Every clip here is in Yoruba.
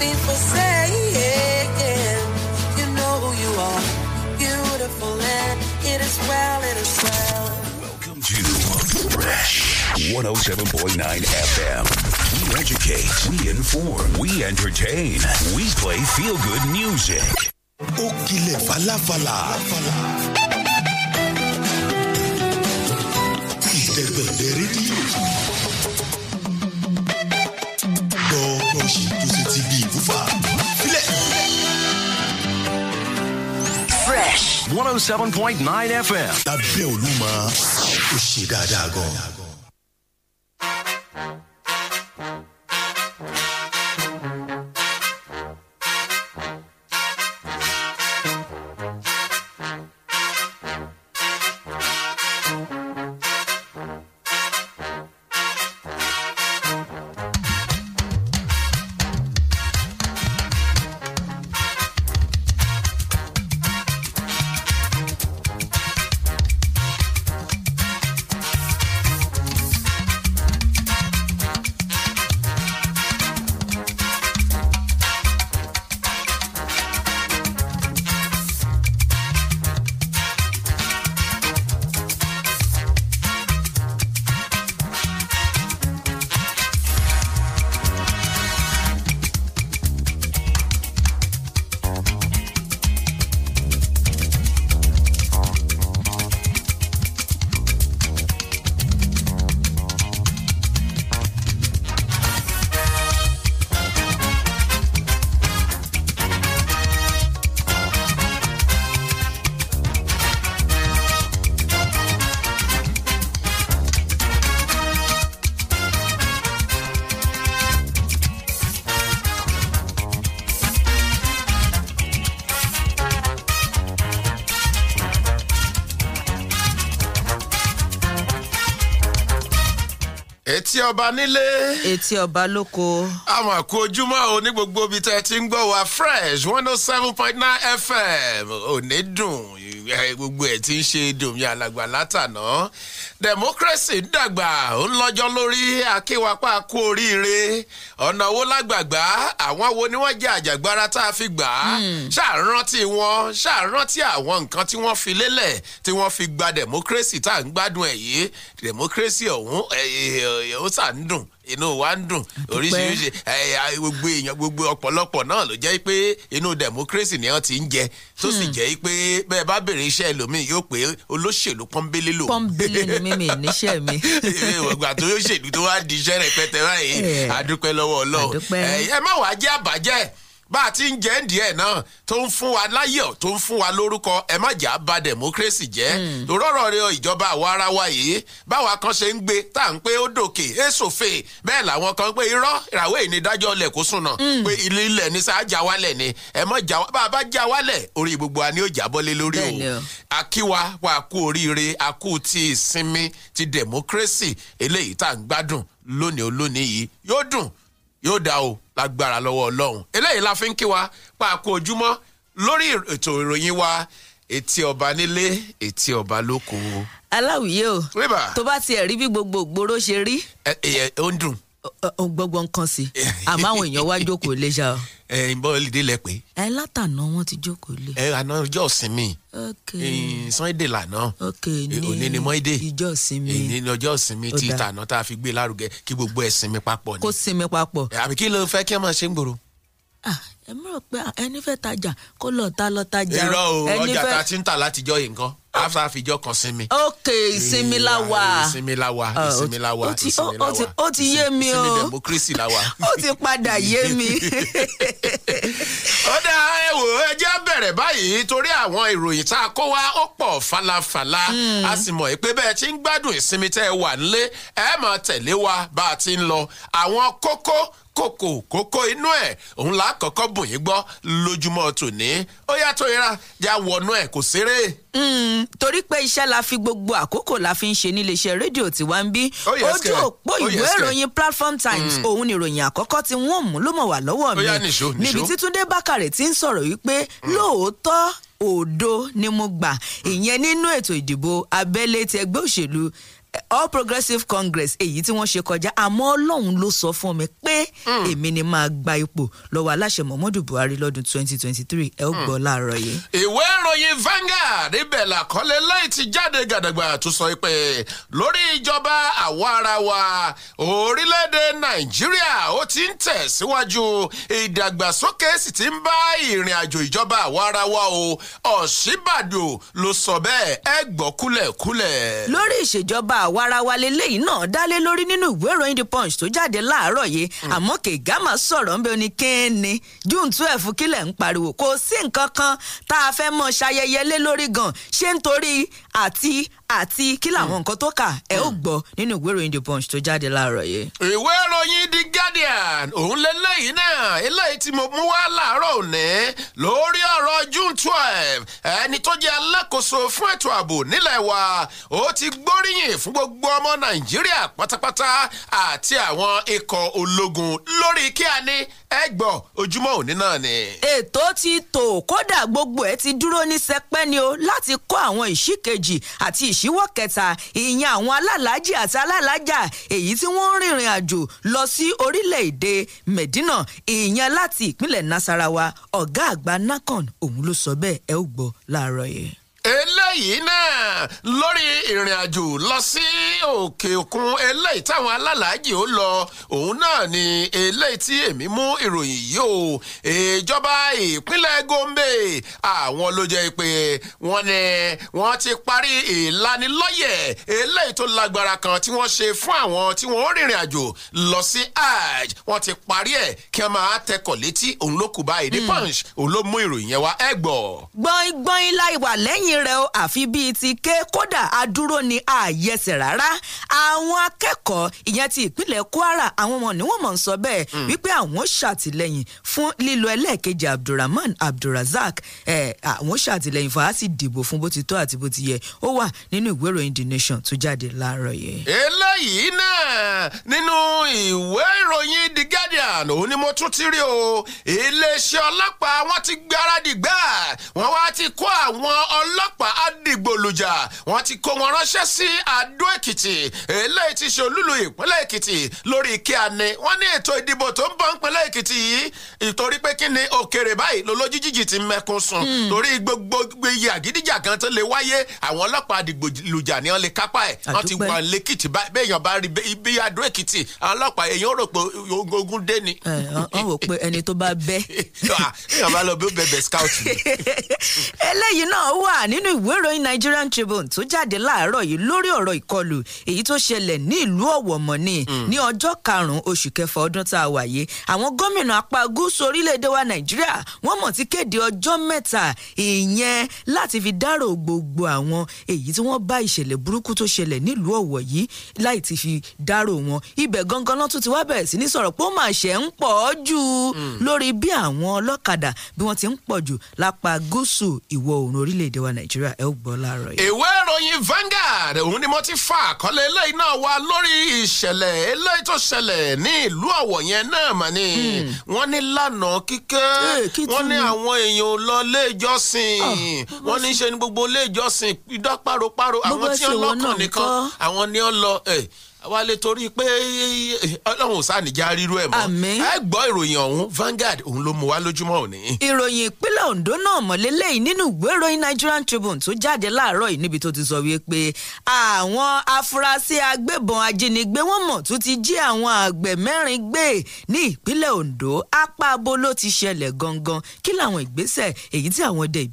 saying, you know who you are, beautiful and it is well, it is well. Welcome to Fresh 107.9 FM. We educate, we inform, we entertain, we play feel good music. Ukile 107.9 FM. lábẹ́ Olúmọ ó ṣe dáadáa gan-an. ọba nílé. etí ọba lóko. àmọ̀ kú ojúmọ́ o ní gbogbo ibi tẹ́ ti ń gbọ́ wa fresh one oh seven point nine fm ò ní dùn Eh, gbogbo ẹ̀ ti ń ṣe dòmí alàgbà látànà democracy ń dàgbà ó ń lọ́jọ́ lórí akéwapá kú oríire ọ̀nà owó lágbàgbà àwọn wo ni wọ́n jẹ́ àjàgbára tá a fi gbà hmm. á ṣàrántí wọn ṣàrántí àwọn nǹkan tí wọ́n fi lélẹ̀ tí wọ́n fi gba democracy tá à ń gbádùn ẹ̀ yìí democracy ọ̀hún eh, eh, ó sà ń inú wa ń dùn oríṣiríṣi gbogbo èèyàn gbogbo ọ̀pọ̀lọpọ̀ náà ló jẹ́ pé inú democracy ni wọ́n ti ń jẹ tó sì hmm. jẹ́ pé bẹ́ẹ̀ bá bèrè iṣẹ́ ẹlòmíì yóò pé olóṣèlú pọ́nbélé lò. pọ́nbélé ni mímì níṣẹ́ mi. ìgbà tó yóò ṣèlú tó wá di iṣẹ́ rẹpẹtẹ báyìí eh. a dúpẹ́ lọ́wọ́ Ọlọ́run ẹ má wàá jẹ́ àbájẹ́ bá a ti ń jẹ́ díẹ̀ náà tó ń fún wa láyọ̀ tó ń fún wa lórúkọ ẹ má jà bà democracy jẹ́ hmm. lórọ́rọ̀ rẹ ìjọba àwa ara wa yìí báwa kan ṣe ń gbé tá à ń pé ó dòkè èsòfè bẹ́ẹ̀ làwọn kan pé irọ́ ìràwé ìnídájọ́ ilẹ̀ kó sùn náà hmm. pé ilé ilẹ̀ ní sáà já wálẹ̀ ni ẹ má já bá a bá já wálẹ̀ orí gbogbo wa ni ó já bọ́lé lórí o akíwa wa kú oríire akú ti ìsinmi ti democracy eléyìí tá à ń gbádùn lónìí olónìí o lágbára lọ́wọ́ ọlọ́run eléyìí la fi ń kí wa pàákó ojúmọ́ lórí ètò ìròyìn wa etí ọba nílé etí ọba lóko. aláwìyé o tó bá tiẹ̀ rí bí gbogbo ìgboro ṣe rí. ẹ ẹ ó ń dùn. gbogbo nǹkan sí àmọ́ àwọn èèyàn wá jókòó lè ṣá o ẹ ìbọn ìdílé lẹ pé. ẹ látànà wọn ti jókòó lé. ẹ àná ọjọ́ ìsinmi. ok sunday lànà. ok ní òní ni monday. ìjọ ìsinmi. èyí ni ọjọ́ ìsinmi ti tànà tá a fi gbé lárugẹ kí gbogbo ẹ sinmi papọ̀ ni. kó sinmi papọ̀. àbí kí ló fẹ́ kí ẹ máa ṣe ń gbòòrò ẹ mọ̀ pé ẹni fẹ́ tajà kó lọ ta lọ tajà o. irọ́ o ọjà ta ti ń tà látijọ́ yìí nǹkan after àfijọ́ kan sinmi. ok ìsinmi la wà. ìsinmi la wà ìsinmi la wà ah, ìsinmi la wà. ó ti yé mi o ìsinmi democracy la wà. ó ti padà yé mi. ó dá ẹ wò ẹ jẹ́ bẹ̀rẹ̀ báyìí torí àwọn ìròyìn tá a kó wá ó pọ̀ falafala hmm. a sì mọ̀ pé bẹ́ẹ̀ ti ń gbádùn ìsinmi tẹ́ ẹ wà nílé ẹ tẹ̀lé wa bá a ti ń lọ àwọn kókó kòkò kókó inú ẹ̀ òun là á kọ́kọ́ bùn yín gbọ́ lójúmọ́ tòní ó yàtọ̀ ìra já wọnú ẹ̀ kò ṣeré. Hmm, torí pé iṣẹ́ la fi gbogbo àkókò la fi ń ṣe níléeṣẹ́ rédíò tí wàá ń bí ojú òpó ìwé ìròyìn platform times hmm. òun ni ìròyìn àkọ́kọ́ tí wọ́n mú ló mọ̀ wà lọ́wọ́ mi níbi tí Túndé Bákàrẹ̀ ti ń sọ̀rọ̀ wípé hmm. lóòótọ́ òdo ni mo gbà ìyẹn nínú ètò ìdìbò abẹ́lé ti ẹgbẹ́ òṣèlú all progressive congress èyí tí wọ́n ṣe kọjá àmọ́ ọlọ́run ló sọ fún mi pé hmm. èmi ni máa gba ipò lọ́wọ́ aláṣẹ muhammadu buhari lọ́dún twenty twenty three ẹ ó hmm. gbọ́ láàárọ̀ yìí. ìwé ìròyìn Vanguard ibẹ̀ làkọ́lé láì ti jáde gàdàgbà tó sọ pé lórí ìjọba àwa ara wa orílẹ̀-èdè nàìjíríà ó ti ń tẹ̀síwájú ìdàgbàsókè sì ti ń bá ìrìn àjò ìjọba àwa ara wa o ọ̀ṣíbàdò ló sọ bẹ́ẹ̀ ẹ gbọ́ kúlẹ̀kúlẹ̀. lórí ìṣèjọba àwarawa leléyìí náà dálé lórí nínú ìwé ìròyìn The Punch tó jáde láàárọ̀ yìí hmm. àmọ́ Kegama sọ̀rọ̀ ń bẹ ní kéènì June twelve kílẹ̀ ń pariwo kò sí nǹkan kan tá a fẹ́ mọ̀ ṣayẹyẹ lé lórí gan ṣé nítorí àti àti kí làwọn hmm. nǹkan tó kà ẹ ó hmm. gbọ́ nínú ìwé ìròyìn The Punch tó jáde láàárọ̀ yìí. ìwé ìròyìn Guardian òun lélẹ́yìn náà eléyìí tí mo mú wá láàárọ̀ òní lórí ọ̀rọ̀ June twelve ẹni tó jẹ́ alákòóso fún ètò ààbò nílẹ̀ wa ó ti gbóríyìn fún gbogbo ọmọ Nàìjíríà pátápátá àti àwọn ikọ̀ ológun lórí kí a ní ẹ gbọ́ ojúmọ́ òní náà ni. ètò ti tò kódà gbogbo ẹ ti dúró ní sẹpẹ́ ni o láti kọ́ àwọn ìṣìkejì àti ìṣíwọ́ kẹta ìyẹn àwọn alálàájì àti alálàájà èyí tí wọ́n ń rìnrìn àjò lọ sí orílẹ̀-èdè Medina ìyẹn láti ìpínlẹ̀ Nasarawa ọ̀gá àgbà NACON òun ló sọ bẹ́ẹ̀ ẹ ó gbọ́ láàárọ̀ yìí eléyìí náà lórí ìrìn àjò lọ sí òkè òkun eléyìí táwọn alálàájì ó lọ òun náà ni eléyìí tí èmi mú ìròyìn yìí o ìjọba ìpínlẹ̀ Gombe àwọn ló jẹ́ pé wọ́n ní wọ́n ti parí ìlanilọ́yẹ̀ eléyìí tó lágbára kan tí wọ́n ṣe fún àwọn tí wọ́n rìnrìn àjò lọ sí hajj wọ́n ti parí ẹ̀ kí wọ́n máa tẹkọ̀ létí òun ló kù báyìí ní hmm. punch òun ló mú ìròyìn yẹn wá ẹ gbọ́. gbọ́n gbọ́n ilá ìwà lẹ́yìn rẹ o àfi bíi ti ké kódà adúró ni àyẹsẹ̀ rárá àwọn akẹ́kọ̀ọ́ ìyẹn ti ìpínlẹ̀ Kwara àwọn ọmọ ni wọ́n mọ̀ sọ bẹ́ẹ̀ hmm. wípé àwọn ṣàtìlẹ́yìn fún lílo ẹlẹ́ẹ̀kejì Abdulrahman Abdulrazak àwọn ṣàtìlẹ́yìn fún àti dìbò fún bó ti tọ́ àti bó ti yẹ ó wà nínú ìwé ìròyìn The Nation tó jáde láàárọ̀ yẹn. eléyìí náà nínú ìwé ìròyìn The Guardian òun ni mo tún ti rí o iléeṣẹ́ ọlọ́pàá wọ́n ti gbáradì gbà wọ́n wá ti kó àwọn ọlọ́ pàápàá àdìgbòlùjà wọ́n ti kó wọn ránṣẹ́ sí Adó Èkìtì eléyìí ti ṣe olúlu ìpínlẹ̀ Èkìtì lórí kíani wọ́n ní ètò ìdìbò tó ń bọ̀ ìpínlẹ̀ Èkìtì yìí ìtorí pé kí ni òkèrè báyìí lolójú jíjì ti mẹ́kún sùn hmm. torí gbogbo iye àgídíjà kan tó lè wáyé àwọn ọlọ́pàá àdìgbòlùjà ni wọ́n lè kápá ẹ̀ wọ́n ti wà lẹ́kìtì bẹ́ẹ̀yàn bá rí bí Adó Èkìtì àwọn ọlọ́pàá nínú ìwé ìròyìn Nigerian Tribune tó jáde láàárọ̀ yìí lórí ọ̀rọ̀ ìkọlù èyí tó ṣẹlẹ̀ ní ìlú Ọ̀wọ̀ mọ̀nì hmm. ní ọjọ́ karùn oṣù kẹfà ọdún tá a wà yìí àwọn gómìnà apá gúúsù orílẹ̀-èdè wa Nàìjíríà wọ́n mọ̀ ti kéde ọjọ́ mẹ́ta ìyẹn láti fi dárò gbogbo àwọn èyí tí wọ́n bá ìṣẹ̀lẹ̀ burúkú tó ṣẹlẹ̀ nílùú Ọ̀wọ̀ yìí láì ti fi dárò wọn ibẹ̀ gangan náà tún ti wá bẹ̀rẹ̀ sí ní sọ̀rọ̀ pé ó mà ṣe ń pọ̀ jù hmm. lórí bí àwọn ọlọ́kadà bí wọ́n ti ń pọ̀ jù lápá gúúsù ìwọ̀ oòrùn orílẹ̀-èdè wa nàìjíríà ẹ ó gbọ́ láàárọ̀ yìí. ìwé ìròyìn Vanguard òun ni mo ti fa àkọlé eléyìí náà wá lórí ìṣẹ̀lẹ̀ eléyìí tó ṣẹlẹ̀ ní ìlú ọ̀wọ̀ yẹn náà mà ní. Hmm. wọ́n ní lánàá kíkẹ́ eh, wọ́n ní àwọn èèyàn lọ ilé ìjọsìn ah, wọ́n ní ṣe ni gbogbo ilé ìjọsìn idán páropáro àwọn tí wọ́n lọ́kàn nìkan àwọn ni wọ́n lọ eh, wálé torí pé ọlọ́run sànìjà ríru ẹ̀ mọ́ àmín ẹ gbọ́ ìròyìn ọ̀hún Vanguard òun ló mú wa lójúmọ́ òní. ìròyìn ìpínlẹ̀ Ondo náà mọ̀lélẹ́yìn nínú ìwé ìròyìn Nigerian Tribune tó jáde láàárọ̀ yìí níbi tó ti sọ wípé àwọn afurasí agbébọn ajínigbé wọn mọ̀ tó ti jí àwọn àgbẹ̀ mẹ́rin gbé ní ìpínlẹ̀ Ondo apá abo ló ti ṣẹlẹ̀ gangan kí làwọn ìgbésẹ̀ èyí tí àwọn ọdẹ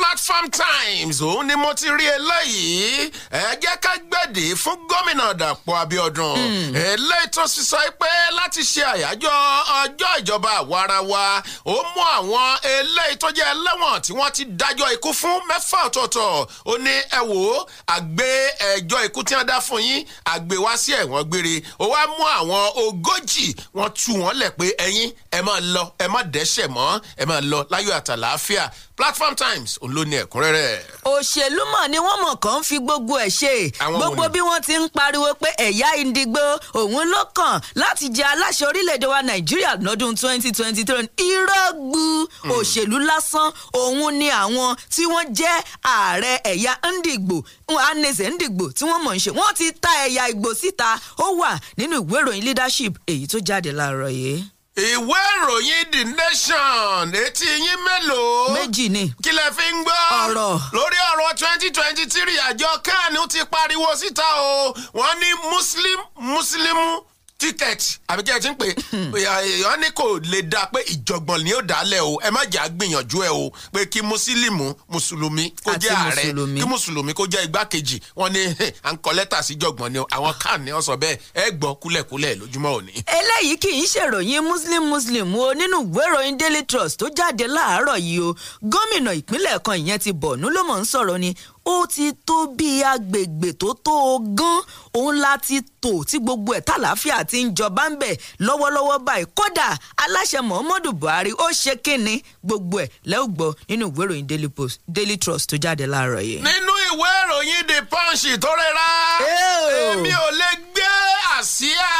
Platform Times òun ni mo ti lórí eléyìí ẹ jẹ́ ká gbẹ̀dì fún gómìnà Dàpọ̀ Abíọ́dún hmm. eléyìí tó sísọ pé láti ṣe àyájọ́ ọjọ́ ìjọba àwarawa ó mú àwọn eléyìí tó jẹ́ ẹlẹ́wọ̀n tí wọ́n ti dájọ́ ikú fún mẹ́fà ọ̀tọ̀ọ̀tọ̀ ó ní ẹ wò ó àgbé ẹjọ́ ikú tí wọ́n dá fún yín àgbé wá sí ẹ̀wọ̀n gbére ó wá mú àwọn ogójì wọ́n tú wọn lẹ̀ pé ẹ̀yin ẹ máa lọ ẹ má dẹ́ṣẹ̀ mọ́ ẹ máa lọ láyọ̀ àtàlàáfíà platform times òun ló ní ẹ̀kúnrẹ́rẹ́. òṣèlú mọ̀ ni wọ́n mọ̀ kàn ń fi gbogbo ẹ̀ ṣe gbogbo bí wọ́n ti ń pariwo pé ẹ̀yà Indigo òun ló kàn láti jẹ aláṣẹ orílẹ̀-èdè wa Nàìjíríà lọ́dún twenty twenty three irọ́ gbu hmm. òṣèlú lásán òun ni àwọn tí wọ́n jẹ́ ààrẹ ẹ̀yà Indigo anese Indigo tí wọ́n mọ̀ ń ṣe wọ́n ti ta ẹ̀yà Ìgbò síta ó wà nínú ìwé ìròyìn leadership èyí tó jáde láàárọ̀ yìí ìwé ìròyìn the nation etí yín mélòó. méjì ni. kí lẹ fi ń gbọ́. ọ̀rọ̀. lórí ọ̀rọ̀ twenty twenty three àjọ kan ti pariwo síta o wọ́n ní muslim muslimu ticket àbí kí ẹ ti ń pè èèyàn hmm. ní kò lè dáa pé ìjọ̀gbọ̀n ni ó dálẹ̀ o ẹ má jà gbìyànjú ẹ o pé kí mùsùlùmí mùsùlùmí kó jẹ́ ààrẹ kí mùsùlùmí kó jẹ́ igbákejì wọn ni à ń kọ lẹ́tà sí jọ̀gbọ̀n ni àwọn kan ni wọ́n sọ bẹ́ẹ̀ ẹ gbọ́ kúlẹ̀kúlẹ̀ lójúmọ́ òní. eléyìí kì í ṣèròyìn muslim muslim o nínú ìwé ìròyìn daily trust tó jáde láàárọ̀ yìí o gómìnà ìpínlẹ̀ kan ìyẹn ti bọ̀ọ̀nù ló mọ̀ ń sọ̀rọ̀ ni ó ti tó bí agbègbè tó tó o gan òun la ti tò tí gbogbo ẹ̀ tàlàáfíà ti ń jọba ń bẹ̀ lọ́wọ́lọ́wọ́ báyìí kódà aláṣẹ muhammadu buhari ó ṣe kínni gbogbo ẹ̀ lẹ́wọ̀ gbọ́ nínú ìwé ìròyìn daily post daily trust tó jáde láàárọ̀ yìí. nínú ìwé ìròyìn the punch tó rẹra èmi ò lè gbé àsíá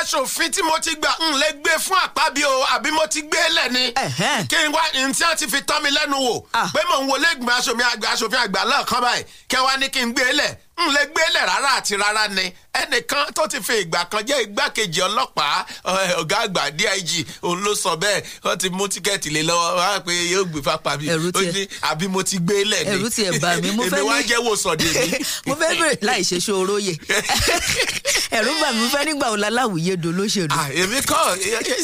aṣòfin tí mo ti gbà ń lè gbé fún àpábí o àbí mo ti gbé lẹ̀ ni kí n wá ní tí wọ́n ti fi tán mi lẹ́nu wò ah. pé mò ń wọlé ìgbìmọ̀ aṣòfin àgbà náà kan báyìí kẹ́ wá kí n gbé lẹ̀ n lè gbélé rárá àti rárá ni ẹnìkan tó ti fi ìgbà kan jẹ́ igbákejì ọlọ́pàá eh, ọ̀gá àgbà DIG òun ló sọ bẹ́ẹ̀ wọ́n ti mú tíkẹ́ẹ̀tì lé lọ́wọ́ wá pé yóò gbé fapá mi ó ní àbí mo ti gbélé ni ẹ̀rù tiẹ̀ bà mí mo fẹ́ ní èmi wá jẹ́ wò sọ̀dẹ̀ mi. mo fẹ́ bèrè láì ṣe ṣòro yẹ ẹ̀rù bà mí fẹ́ nígbà wo láláwùyé do lóṣèlú. Ah, èmi kọ́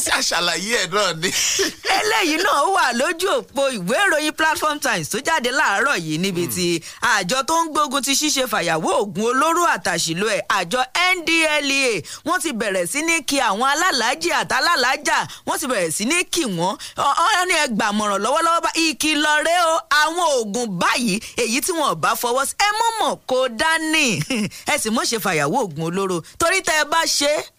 ṣe àṣàlàyé ẹ̀ náà ni. eléyìí náà wà lójú òpó ìwé ìròyìn Platform Times tó jáde láàárọ̀ yìí níbi hmm. tí àjọ tó ń gbógun ti ṣíṣe fàyàwó ìyàwó oògùn olóró àtàṣìlò ẹ̀ àjọ NDLEA wọ́n ti bẹ̀rẹ̀ sí ní kí àwọn alálàájì àtàlálàájà wọ́n ti bẹ̀rẹ̀ sí ní kí wọ́n ọ ní ẹgbàmọ̀ràn lọ́wọ́lọ́wọ́ bá ìkìlọ̀ rẹ̀ o àwọn oògùn báyìí èyí tí wọn ò bá fọwọ́ sí ẹ mọ̀mọ̀ kó dání ẹ sì mọ̀ ṣe fàyàwó oògùn olóró torí tẹ́ ẹ bá ṣe é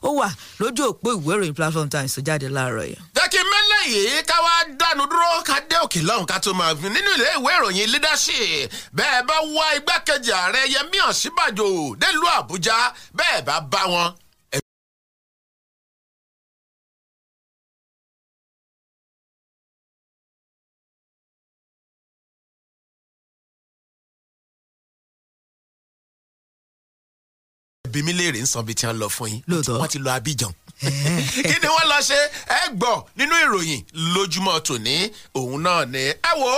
ó wà lójú òpó ìwé ìròyìn platform times tó jáde láàárọ̀ yìí. jẹ́ kí mẹ́lẹ̀ yìí ká wá dánu dúró ká dé òkè lọ́hùn ká tó máa fi nínú ilé ìwé ìròyìn leadership bẹ́ẹ̀ bá wá igbákejì ààrẹ yẹmí ọ̀sínbàjò délùú àbújá bẹ́ẹ̀ bá bá wọn bí mi léèrè ń sọ bí tí wọ́n lọ fún yín wọ́n ti lọ Abidjan kí ni wọ́n lọ ṣe ẹ gbọ́ nínú ìròyìn lójúmọ́ tòní òun náà ni ẹ wo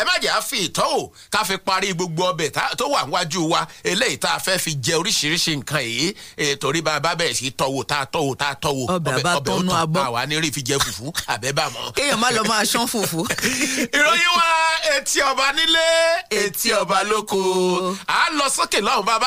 ẹ má jẹ́ àfi ìtọ́wò ká fi parí gbogbo ọbẹ̀ tó wà níwájú wa eléyìí tá a fẹ́ fi jẹ oríṣiríṣi nǹkan yìí e, torí bá a bá bẹ̀rẹ̀ sí tọ́wò tá a tọ́wò tá a tọ́wò ọbẹ̀ ọtọ̀ àwa ní fi jẹ fùfú àbẹ́bà mọ́. kéèyàn má lọ máa ṣán fùfú. ìròyìn wa etí ọba nílé etí ọba lóko à lọ sókè lọ́hùn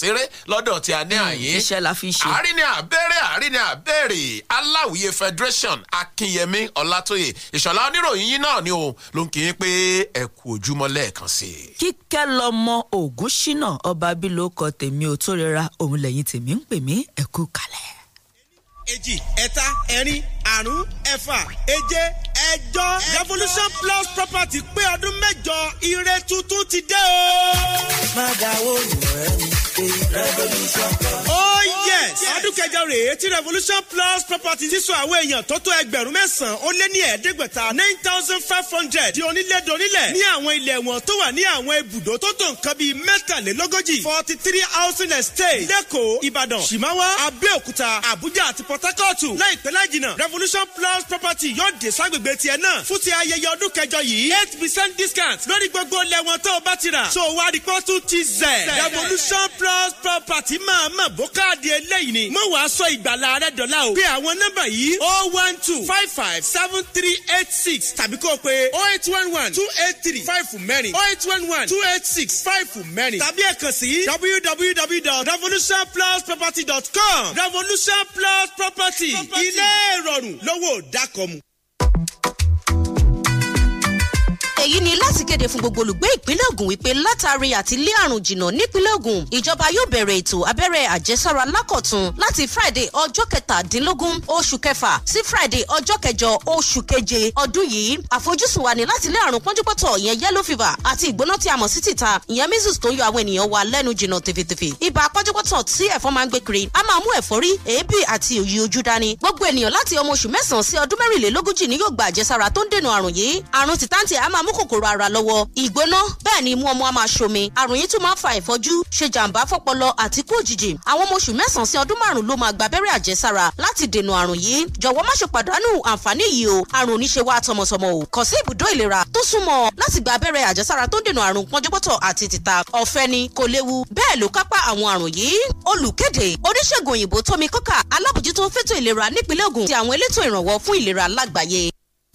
ṣeré lọ́dọ̀ tí a ní hmm, àyè. iṣẹ́ la fi ṣe. àárín ni àbẹ́rẹ́ àárín ni àbẹ́rẹ́ aláwìyé federation akínyẹmí ọlátóyè ìṣọ̀lá oníròyìn yín náà ni o ló ń kí yín pé ẹ kú ojúmọ́ lẹ́ẹ̀kan sí i. kíkẹ́ lọmọ ògún ṣínà ọba bí ló kọ tèmi ò tó rẹra òun lẹ́yìn tèmi ń pè mí ẹ kú kalẹ̀. èjì ẹ̀ta ẹ̀rin àrún ẹ̀fà èje ẹjọ́ revolution plus property pé ọdún mẹ́jọ ire tuntun ti dé o. má dáwọ́ ìwọ̀ ẹni pé revolution plus. ó oh, yes ọdún kẹjọ rèé tí revolution plus property sísọ àwọn èèyàn tó tó ẹgbẹ̀rún mẹ́sàn-án ó lé ní ẹ̀ẹ́dẹ́gbẹ̀ta nine thousand five hundred di onílẹ̀dọ̀nílẹ̀ ní àwọn ilẹ̀ wọn tó wà ní àwọn ibùdó tó tó nǹkan bíi mẹ́tàlélógójì forty three housing estate lẹ́kọ̀ọ́ ìbàdàn ṣìmáwá abẹ́òkúta àbújá àti port harcourt láìpẹ́ láìjìnà revolution plus property yóò dé ságbègbè ṣe tiẹ̀ náà fún ti ayẹyẹ ọdún kẹjọ yìí eight percent discount lórí gbogbo lẹ́wọ̀n tó o bá ti rà so wá rí pọ́tù ti zẹ̀ revolution plus property máa mọ̀ bó káàdì eléyìí ni mo wàá sọ ìgbàlá rẹ dọ́là o pé àwọn nọ́mbà yìí o oh one two five five seven three eight six tàbí kó o pe o oh eight one one two eight three five fún mẹ́rin o oh eight one one two eight six five fún mẹ́rin tàbí ẹ kàn sí www.revolutionplusproperty.com revolution plus property ilé ìrọ̀rùn lówó dákọ̀mù èyí ni láti kéde fún gbogbo olùgbé ìpínlẹ̀ Ògùn wípé látàrí àti lé àrùn jìnnà nípínlẹ̀ Ògùn ìjọba yóò bẹ̀rẹ̀ ètò abẹ́rẹ́ àjẹsára lákọ̀tun láti Friday ọjọ́ kẹtàdínlógún oṣù kẹfà sí Friday ọjọ́ kẹjọ oṣù keje ọdún yìí àfojúsùn wa ni láti lé àrùn pọ́njúpọ́tọ̀ ìyẹn yellow fever àti ìgbóná tí a mọ̀ sí tìta ìyẹn measles tó ń yọ àwọn ènìyàn wa lẹ́nu jìnnà tèfètèfè ibà pọ́njúpọ́tọ̀ tí ẹ̀fọn máa ń gbé kiri a máa mú ẹ̀fọ́rí èébì àti òyì ojú dání gbogbo ènìyàn láti ọmọ oṣù mẹ́sàn a máa mú kòkòrò ara lọ́wọ́ ìgbóná bẹ́ẹ̀ ni imú ọmọ a máa ṣomi àrùn yìí tún máa ń fa ìfọ́jú ṣe jàǹbá fọ́pọlọ àti kú òjijì àwọn ọmọ oṣù mẹ́sàn-án sí ọdún márùn-ún ló máa gba abẹ́rẹ́ àjẹsára láti dènà àrùn yìí jọ̀wọ́ má ṣe pàdánù àǹfààní yìí o àrùn oníṣe wa tọmọtọmọ o kàn sí ibùdó ìlera tó súnmọ́ láti gba abẹ́rẹ́ àjẹsára tó ń dènà àrùn pọ́njọ́pọ́tọ̀ àti tìta ọ̀fẹ́ ni kò léwu bẹ́ẹ̀ ló kápá àwọn àrùn yìí olùkéde oníṣègùn òyìnbó tómi kọ́kà alábòjútó fẹ́tò ìlera nípínlẹ̀ Ògùn ti àwọn elétò ìrànwọ́ fún ìlera lágbàáyé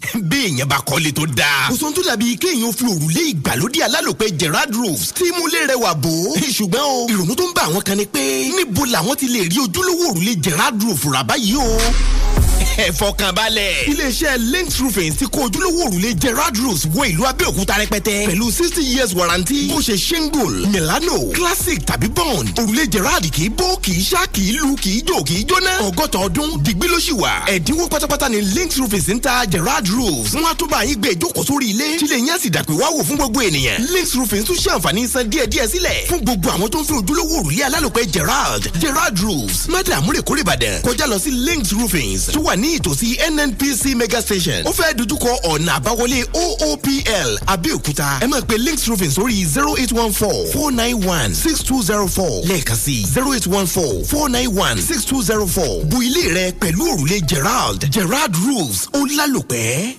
béèyàn bá kọ́lé tó dáa. kò sóhun tó dàbí kéèyàn ó fi òrùlé ìgbàlódé alálòpẹ́ Gerard roofs tí múlé rẹwà bò ó. ṣùgbọ́n o ìrònú tó ń bá àwọn kan ni pé níbo làwọn ti lè rí ojúlówó òrùlé Gerard roof rà báyìí o ẹ fọkànbalẹ̀. iléeṣẹ́ links roofing ti kó ojúlówó òrùlé gerard rose wọ ìlú abẹ́òkúta rẹpẹtẹ pẹ̀lú sixty years warranty bó ṣe shingle milano classic tàbí bond òrùlé gerard kì í bó kì í ṣá kì í lu kì í jò kì í jóná ọgọ́ta ọdún dìgbì ló ṣì wà ẹ̀dínwó pátápátá ni links roofing ń ta gerard rose wọn á tún bá yín gbé ìjókòó sórí ilé tílé yẹn sì dàpẹ́ wá wò fún gbogbo ènìyàn links roofing tún ṣe àǹfààní san díẹ̀díẹ̀ sílẹ̀ fún gbogbo àwọn tó ń fi ojúlówó òrùlé alálòpẹ́ gerard gerard roofs mẹ́tẹ̀ àmúrèkórè ìbàdàn kọjá lọ sí links roofing. tó wà ní ìtòsí nnpc mega station ó fẹ́ dojúkọ ọ̀nà àbáwọlé oopl abẹ́òkúta ẹ máa pe links roofing sórí zero eight one four four nine one six two zero four lẹ́ẹ̀kan sí zero eight one four four nine one six two zero four bu ilé rẹ pẹ̀lú òrùlé gerald gerald rules. ó lálòpẹ́.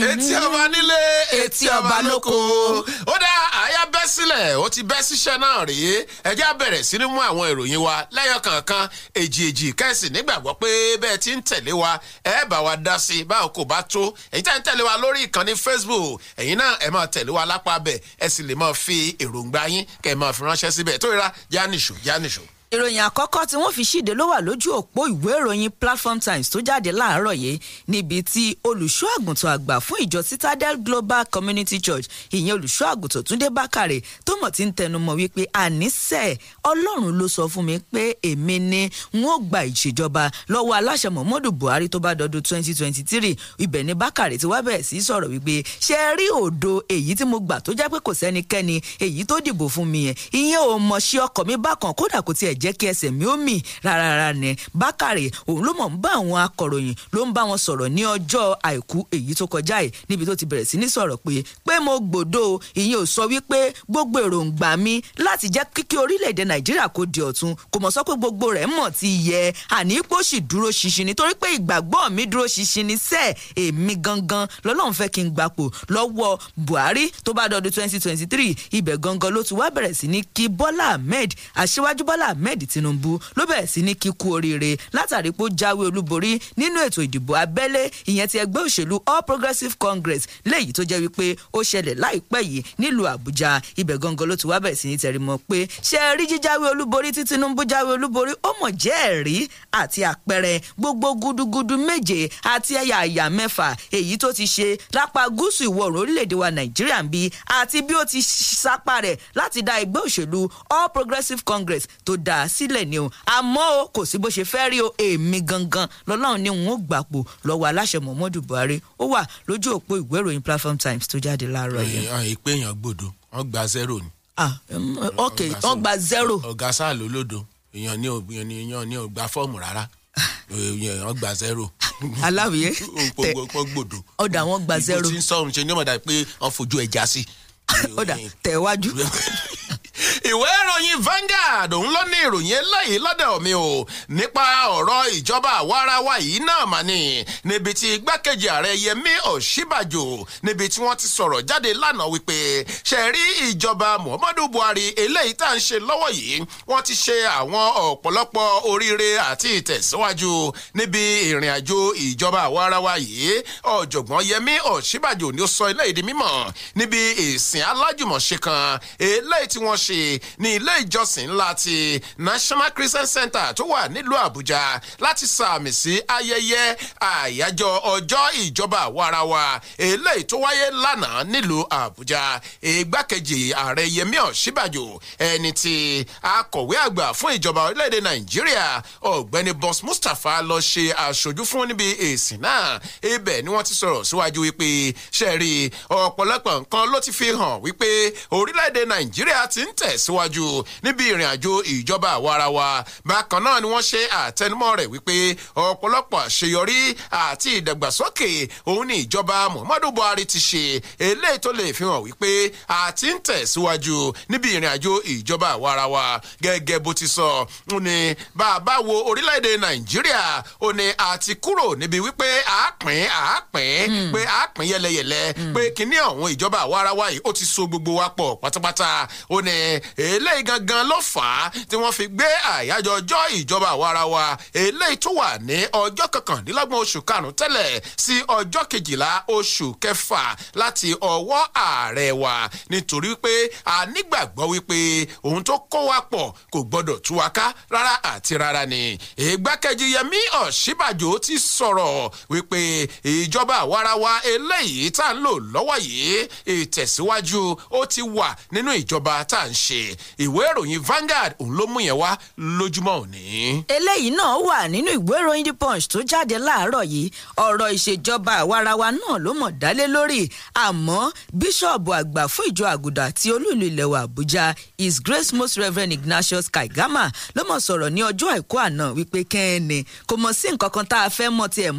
etí ọba nílé etí ọba lóko ó dá àyà bẹ́ sílẹ̀ ó ti bẹ́ síṣẹ́ náà rèé ẹjẹ́ àbẹ̀rẹ̀ sí ní mú àwọn ìròyìn wa lẹ́yọ kọ̀ọ̀kan èjì èjì kẹ́sì nígbàgbọ́ pé bẹ́ẹ̀ ti ń tẹ̀lé wa ẹ bá wa dá sí báwo kò bá tó ẹ̀yin tá ń tẹ̀lé wa lórí ìkànnì Facebook ẹ̀yin náà ẹ máa tẹ̀lé wa lápá bẹ̀ ẹ sì lè máa fi èròǹgbà yín kẹ́ ẹ máa fi ránṣẹ́ síbẹ̀ tó yẹra jáníṣó jáníṣó ìròyìn àkọ́kọ́ tí wọ́n fi ṣíde ló wà lójú òpó ìwé ìròyìn Platform Times tó jáde láàárọ̀ yìí níbi tí olùṣọ́ àgùntàn àgbà fún ìjọ Citadel Global Community Church ìyẹn olùṣọ́ àgùntàn Túndé Bákàrè tó mọ̀ tí ń tẹnumọ́ wípé àníṣe Ọlọ́run ló sọ fún mi pé èmi ni n ó gba ìṣèjọba lọ́wọ́ aláṣẹ Muhammadu Buhari tó bá dọdún 2023 ibẹ̀ ni Bákàrè ti wá bẹ̀ sí sọ̀rọ̀ wípé ṣe rí òdo èyí tí mo gbà tó jẹ́ pé kò sẹ́nikẹ́ni èyí tó dìbò fún mi yẹn ìyẹn ò mọ̀ sí ọkọ̀ mi bákan kódà kò tiẹ̀ j jẹ́ kí ẹsẹ̀ mi ó mì rárára nẹ bákàrẹ̀ òun ló mọ̀ ń bá àwọn akọ̀ròyìn ló ń bá wọn sọ̀rọ̀ ní ọjọ́ àìkú èyí tó kọjá yìí níbi tó ti bẹ̀rẹ̀ sí ní sọ̀rọ̀ pé pé mo gbòdo ìyẹn ò sọ wípé gbogbo èròǹgbà mi láti jẹ́ kíkí orílẹ̀-èdè nàìjíríà kò di ọ̀tun kò mọ̀ sọ pé gbogbo rẹ̀ mọ̀ ti yẹ àní pò sì dúró ṣinṣin nítorí pé ìgbàgbọ́ mi dúró ṣinṣin ní sẹ́ẹ̀ èmi gangan lọ́lọ́run fẹ́ kí n gbapò lọ́wọ́ buhari tó bá dọdún twenty twenty three ibẹ̀ gangan ló ti wá bẹ̀rẹ̀ sí ní kí bọ́lá ahmed aṣíwájú bọ́lá ahmed ahmed tinubu ló bẹ̀rẹ̀ sí ní kíkú oríire látàrí pé ó jáwé olúborí nínú ètò ìdìbò abẹ́lé ìyẹn ti ẹgbẹ́ òṣèlú all progressives congress léyìí tó jẹ́ wípé ó ṣẹlẹ̀ láìpẹ́ yìí nílùú àbújá ibẹ̀ gangan ló ti wá bẹ̀rẹ̀ sí ní tẹ̀rímọ́ pé ṣe é rí jíjáwé olúborí tí tinubu jáwé olúborí ó mọ̀ jẹ́ ẹ̀rí àti àpẹẹrẹ gbogbo gudugudu méje àti ẹ̀yà àyà mẹ́fà èyí tó ti ṣe lápá gúúsù ìwọ̀ oòrùn orílẹ̀-èdè wa nàìjíríà ń bí àti bí ó ti sapá rẹ̀ láti dá ẹgbẹ́ òṣèlú all progressives congress tó dá dà á sílẹ̀ ni o àmọ́ o kò sí bó ṣe fẹ́ rí o èmi gangan lọ́lọ́run ni n ó gbàpò lọ́wọ́ aláṣẹ muhammadu buhari ó wà lójú òpó ìwé ìròyìn platform times tó jáde láàárọ̀ yẹn. ìpè èèyàn gbòdo wọn gba zero ni. ah um, ok wọn gba zero. ọ̀gá sáà lólódo èèyàn ní èèyàn ní èèyàn ní ọgbà fọ́ọ̀mù rárá èèyàn gba zero aláwìyé tẹ ọdọ àwọn gba zero. ìbò tí ń sọrùn ṣe ni ó mọ̀ dà pé wọ́n fojú ẹja sí. ọ̀dà tẹ̀ wájú. ìwé ìròyìn Vanguard òun ló ní ìròyìn eléyìí lọ́dọ̀ mi o nípa ọ̀rọ̀ ìjọba àwarawa yìí náà mà ní níbi tí igbákejì ààrẹ Yẹmí Ọ̀ṣínbàjò níbi tí wọ́n ti sọ̀rọ̀ jáde lánàá wípé ṣe rí ìjọba Muhammadu Buhari eléyìí tá à ń ṣe lọ́wọ́ yìí wọ́n ti ṣe àwọn ọ̀pọ̀lọpọ̀ oríire àti ìtẹ̀síwájú níbi ìrìn àjò ìjọba àwarawa yìí ọ̀jọ̀gbọ́n Yẹmí Ọ̀ṣínbàjò ni ó sọ eléyìí di mímọ̀ níbi ìsìn alájùmọ̀ṣe kan eléyìí tí wọ́n ṣe ní ilé ìjọsìn ńlá ti National Christian Center tó wà nílùú Àbújá láti sàmì sí ayẹyẹ àyájọ́ ọjọ́ ìjọba àwarawa eléyìí tó wáyé lánàá nílùú Àbújá igbákejì ààrẹ Yẹmí Ọ̀ṣínbàjò ẹni tí akọ̀wé àgbà fún ìjọba orílẹ̀-èdè Nàìjíríà ọ̀gbẹ́ni Boss Mustapha lọ ṣe aṣojú fún níbi èsì náà ibẹ̀ ni wọ́n ti sọ̀rọ̀ síwájú wípé ṣẹ́ẹ̀rí ọ̀pọ̀lọpọ̀ nǹkan ló ti fi hàn wípé orílẹ̀-èdè Nàìjíríà ti ń tẹ̀síwájú níbi ìrìn àjò ìjọba àwarawa bákan náà ni wọ́n ṣe àtẹnumọ́ rẹ̀ wípé ọ̀pọ̀lọpọ̀ àṣeyọrí àti ìdàgbàsókè òun ni ìjọba Muhammadu Buhari ti ṣe eléyìí tó lè fi hàn wípé àti ń tẹ̀síwájú níbi ìrìn àjò ìjọba àwarawa gẹ́gẹ́ bó ti sọ ó ní bàbá wo orílẹ̀-èdè Nàìjíríà ó ní àti kúrò níbi wípé àápín àápín hmm. pé àápín yẹlẹyẹlẹ hmm. pé kíní ọ̀hún ìjọba àwarawa yìí ó ti so gbogbo wa pọ̀ pátápátá ó ní eléyìí gangan ló fà á tí wọ́n fi gbé àyájọ́ ọjọ́ ìjọba àwarawa eléyìí tó wà ní ọjọ́ kọkàndínlọ́gbọ̀n oṣù karùn-ún tẹ́lẹ̀ sí ọjọ́ kejìlá oṣù kẹfà láti ọwọ́ ààrẹ wa nítorí pé a nígbàgbọ́ wípé ohun tó kó wa pọ̀ kò gbọ́dọ̀ tú wa ká rárá àti rárá ni ìgbákejì Yẹmí Ọ̀ṣínbàjò ti sọ̀rọ̀ wípé ìjọba àwarawa eléyìí tá à ń lò lọ́wọ́ yìí ìtẹ̀síwájú ó ti wà nínú ìjọba tá à ń ń ṣe ìwé ìròyìn Vanguard òun ló mú yẹn wá lójúmọ́ òní. eléyìí náà wà nínú ìwé ìròyìn The Punch tó jáde láàárọ̀ yìí ọ̀rọ̀ ìṣèjọba àwarawa náà ló mọ̀ dálé lórí àmọ́ bíṣọ̀bù àgbà fún ìjọ àgùdà ti olúìlú ilẹ̀ wa Àbújá His Grace Most Reverend Ignatius Kaigama ló mọ̀ sọ̀rọ̀ ní ọjọ́ àìkú àná wípé kẹ́ẹ̀ni kò mọ̀ sí nǹkan kan tá a fẹ́ mọ̀ tiẹ̀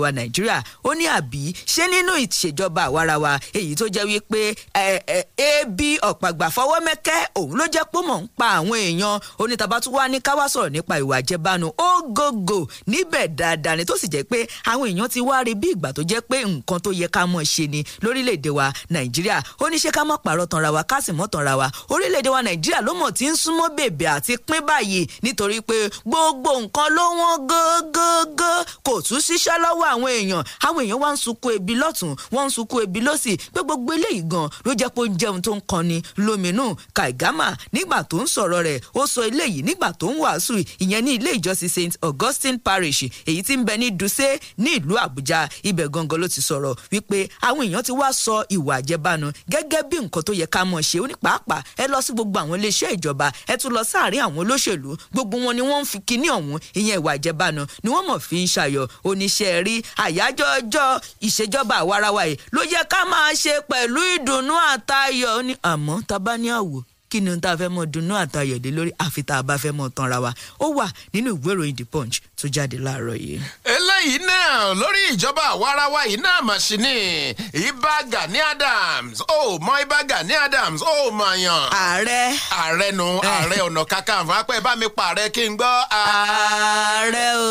wa Nàìjíríà ó ní àbí ṣé nínú ìṣèjọba àwarawa wa èyí tó jẹ́ wípé ab ọ̀pàgbà fọwọ́ mẹ́kẹ́ òun ló jẹ́ pé mò ń pa àwọn èèyàn onítàbátúwá ní káwá sọ̀rọ̀ nípa ìwà àjẹbánu ó gógógó níbẹ̀ dáadáa ni tó sì jẹ́ pé àwọn èèyàn ti wá rí bí ìgbà tó jẹ́ pé nǹkan tó yẹ ká mọ̀ ṣe ni lórílẹ̀‐èdè wa nàìjíríà ó ní ṣé ká má pààrọ̀ tanra wa ká sì mọ́ tanra wa orílẹ̀‐èdè wa nàìjíríà ló mọ̀ tí ń súnmọ́ bèbè àti pín báyìí nítorí pé gbogbo nǹkan ló wọ́n gógógó kò tún ṣiṣẹ́ lọ́wọ́ àwọn èèyàn àwọn èèyàn wá ń sunkún ebi lọ́tún wọ́n ń sunkún ebi lọ́sì pé gbogbo eléyìí gan ló jẹ́ pé ó ń jẹun tó ń kọni lóminú kaigama nígbà tó ń sọ̀rọ̀ rẹ̀ ó sọ eléyìí nígbà tó ń wàásù ìyẹn ní ilé ìjọsìn st augustine parish èyí tí ń bẹ ní dùsẹ́ ní ìlú àbújá ibẹ̀ gangan ló ti sọ̀rọ̀ wípé àwọn èèyàn ti wá sọ ìwà àjẹbánu gẹ́gẹ́ bí nǹkan tó yẹ ká mọ̀ ṣe onípàápàá ẹ lọ sí gbogbo àwọn iléeṣẹ́ ìjọba ẹ tún lọ sáàrin àwọn olóṣèlú gbogbo wọn ni wọ́n ń fi kinní ọ̀hún ìyẹn ìwà àjẹbánu ni wọ́n mọ̀ fi ń ṣayọ̀ oníṣẹ́ rí àyájọ́ ọjọ́ ìṣèjọba àwarawa ló yẹ ká máa ṣe pẹ̀lú ìdùnnú àtayọ̀ ni àmọ́ tá kí ni ohun tá a fẹ́ mọ dunnú àtayọ̀dé lórí àfi tá a bá fẹ́ mọ tanra wa ó wà nínú ìwé ìròyìn the punch tó jáde láàárọ̀ yìí. eléyìí náà lórí ìjọba àwarawa yìí náà mà sí ni Ìbà Gani Adams ó mọ Ìbà Gani Adams ó mọ yàn. ààrẹ. ààrẹ nu eh. ààrẹ ọ̀nà kakanfò apẹ́ bá mi pa ààrẹ kí n gbọ́. Ah. ààrẹ o.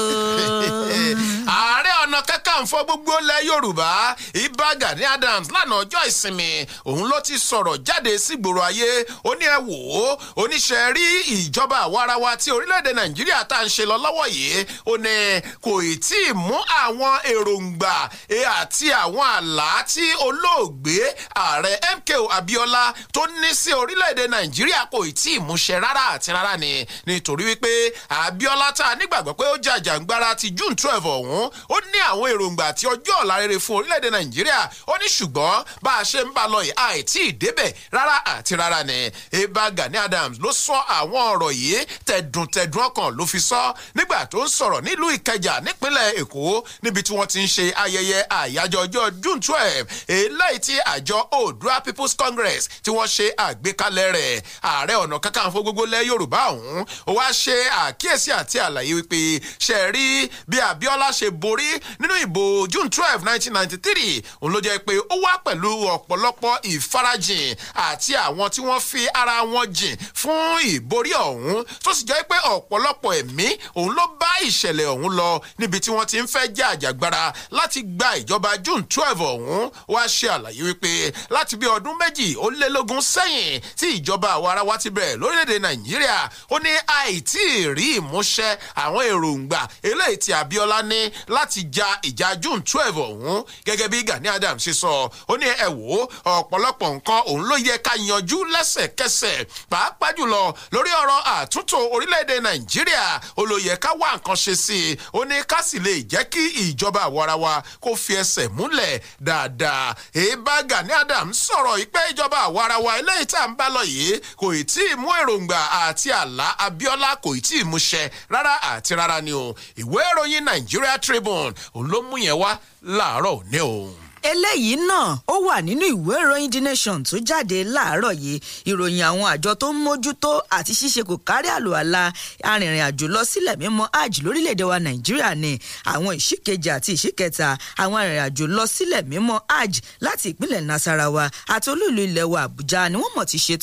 ààrẹ ọ̀nà kakanfò gbogbo lẹ̀ Yorùbá Ìbà Gani Adams lánàá ọjọ́ ìsinmi òun ló ti sọ̀rọ̀ jáde sígboro ayé ó ní ẹ wò ó oníṣẹ́ rí ìjọba àwarawa ti orílẹ̀-èdè Nàìjíríà tá à ń ṣe lọ lọ́wọ́ yìí ó ní kò ì tí ì mú àwọn èròǹgbà e, àti àwọn àlá tí olóògbé ààrẹ MKO Abiola tó ní sí orílẹ̀-èdè Nàìjíríà kò ì tí ì múṣẹ rárá àti rárá ni nítorí wípé Abiola tá a nígbàgbọ́ pé ó jàjàǹgbara ti June twelve ọ̀hún ó ní àwọn èròǹgbà àti ọjọ́ ọ̀la rere fún orílẹ̀-èdè Nàìjíríà ó ní ṣùgbọ́n bá a ṣe ń bá lọ yìí àìtí ìdébẹ̀ rárá àti rárá ni Eba Adams ló sọ àwọn ọ̀rọ̀ yìí tẹ̀dùntẹ̀dùn ọkàn ló fi sọ nígbà tó sọ sọ̀rọ̀ nílùú ìkẹjà nípínlẹ̀ èkó níbi tí wọ́n ti ń ṣe ayẹyẹ àyájọ́ ọjọ́ june twelve eléyìí tí àjọ oòduà people's congress tí wọ́n ṣe àgbékalẹ̀ rẹ̀ ààrẹ ọ̀nà kakanfò gbogbo lẹ̀ yorùbá ọ̀hún wá ṣe àkíyèsí àti àlàyé wípé ṣe rí bí abiola ṣe borí nínú ìbò june twelve nineteen ninety three òun ló jẹ́ pé ó wá pẹ̀lú ọ̀pọ̀lọpọ̀ ìfarajìn àti àwọn tí wọ́n fi ara wọn jìn fún ìborí ọ̀hún tó sì jẹ́ pé ọ̀pọ̀lọpọ̀ ẹ̀mí òun ló bá ìṣ ìṣẹ̀lẹ̀ ọ̀hún lọ níbi tí wọ́n ti ń fẹ́ jẹ́ àjàgbara láti gba ìjọba June twelve ọ̀hún wá ṣe àlàyé wípé láti bí ọdún méjì ó lé lógún sẹ́yìn tí ìjọba àwa ara wa ti bẹ̀rẹ̀ lórílẹ̀‐èdè Nàìjíríà ó ní àìtí rí ìmúṣẹ àwọn èròǹgbà eléyìí tí Abíọ́lá ní láti ja ìjà June twelve ọ̀hún gẹ́gẹ́ bí Gani Adams ṣe sọ ó ní ẹ wò ó ọ̀pọ̀lọpọ̀ nǹkan òun ló yẹ ká yanjú lẹ́sẹ̀kẹsẹ̀ pàápàá jùlọ lórí ọ̀rọ̀ àtúntò orílẹ̀-èdè Nàìjíríà ó ló yẹ ká wá nǹkan ṣe ṣe sí i ó ní ká sì lè jẹ́ kí ìjọba àwarawa kó fi ẹsẹ̀ múlẹ̀ dáadáa èébá Gani Adams sọ̀rọ̀ ìpẹ́ ìjọba àwarawa eléyìí tá à ń bá lọ yìí kò ì tí ì mú èròǹgbà àti àlá Abíọ́lá kò ì tí ì múṣẹ rárá àti rárá ni o ìwé ìròyìn Nigeria Tribune òun ló mú yẹn wá láàárọ̀ òní o eléyìí náà ó wà nínú ìwé ìròyìn the nation tó jáde láàárọ̀ yìí ìròyìn àwọn àjọ tó ń mójútó àti ṣíṣe kò kárí àlòàlà arìnrìn àjò lọ sílẹ̀ mímọ́ hajj lórílẹ̀‐èdè wa nàìjíríà ni àwọn ìṣìkejì àti ìṣìkẹta àwọn arìnrìn àjò lọ sílẹ̀ mímọ́ hajj láti ìpínlẹ̀ nasarawa àti olúìlú ilẹ̀ wa àbújá ni wọ́n mọ̀ ti ṣe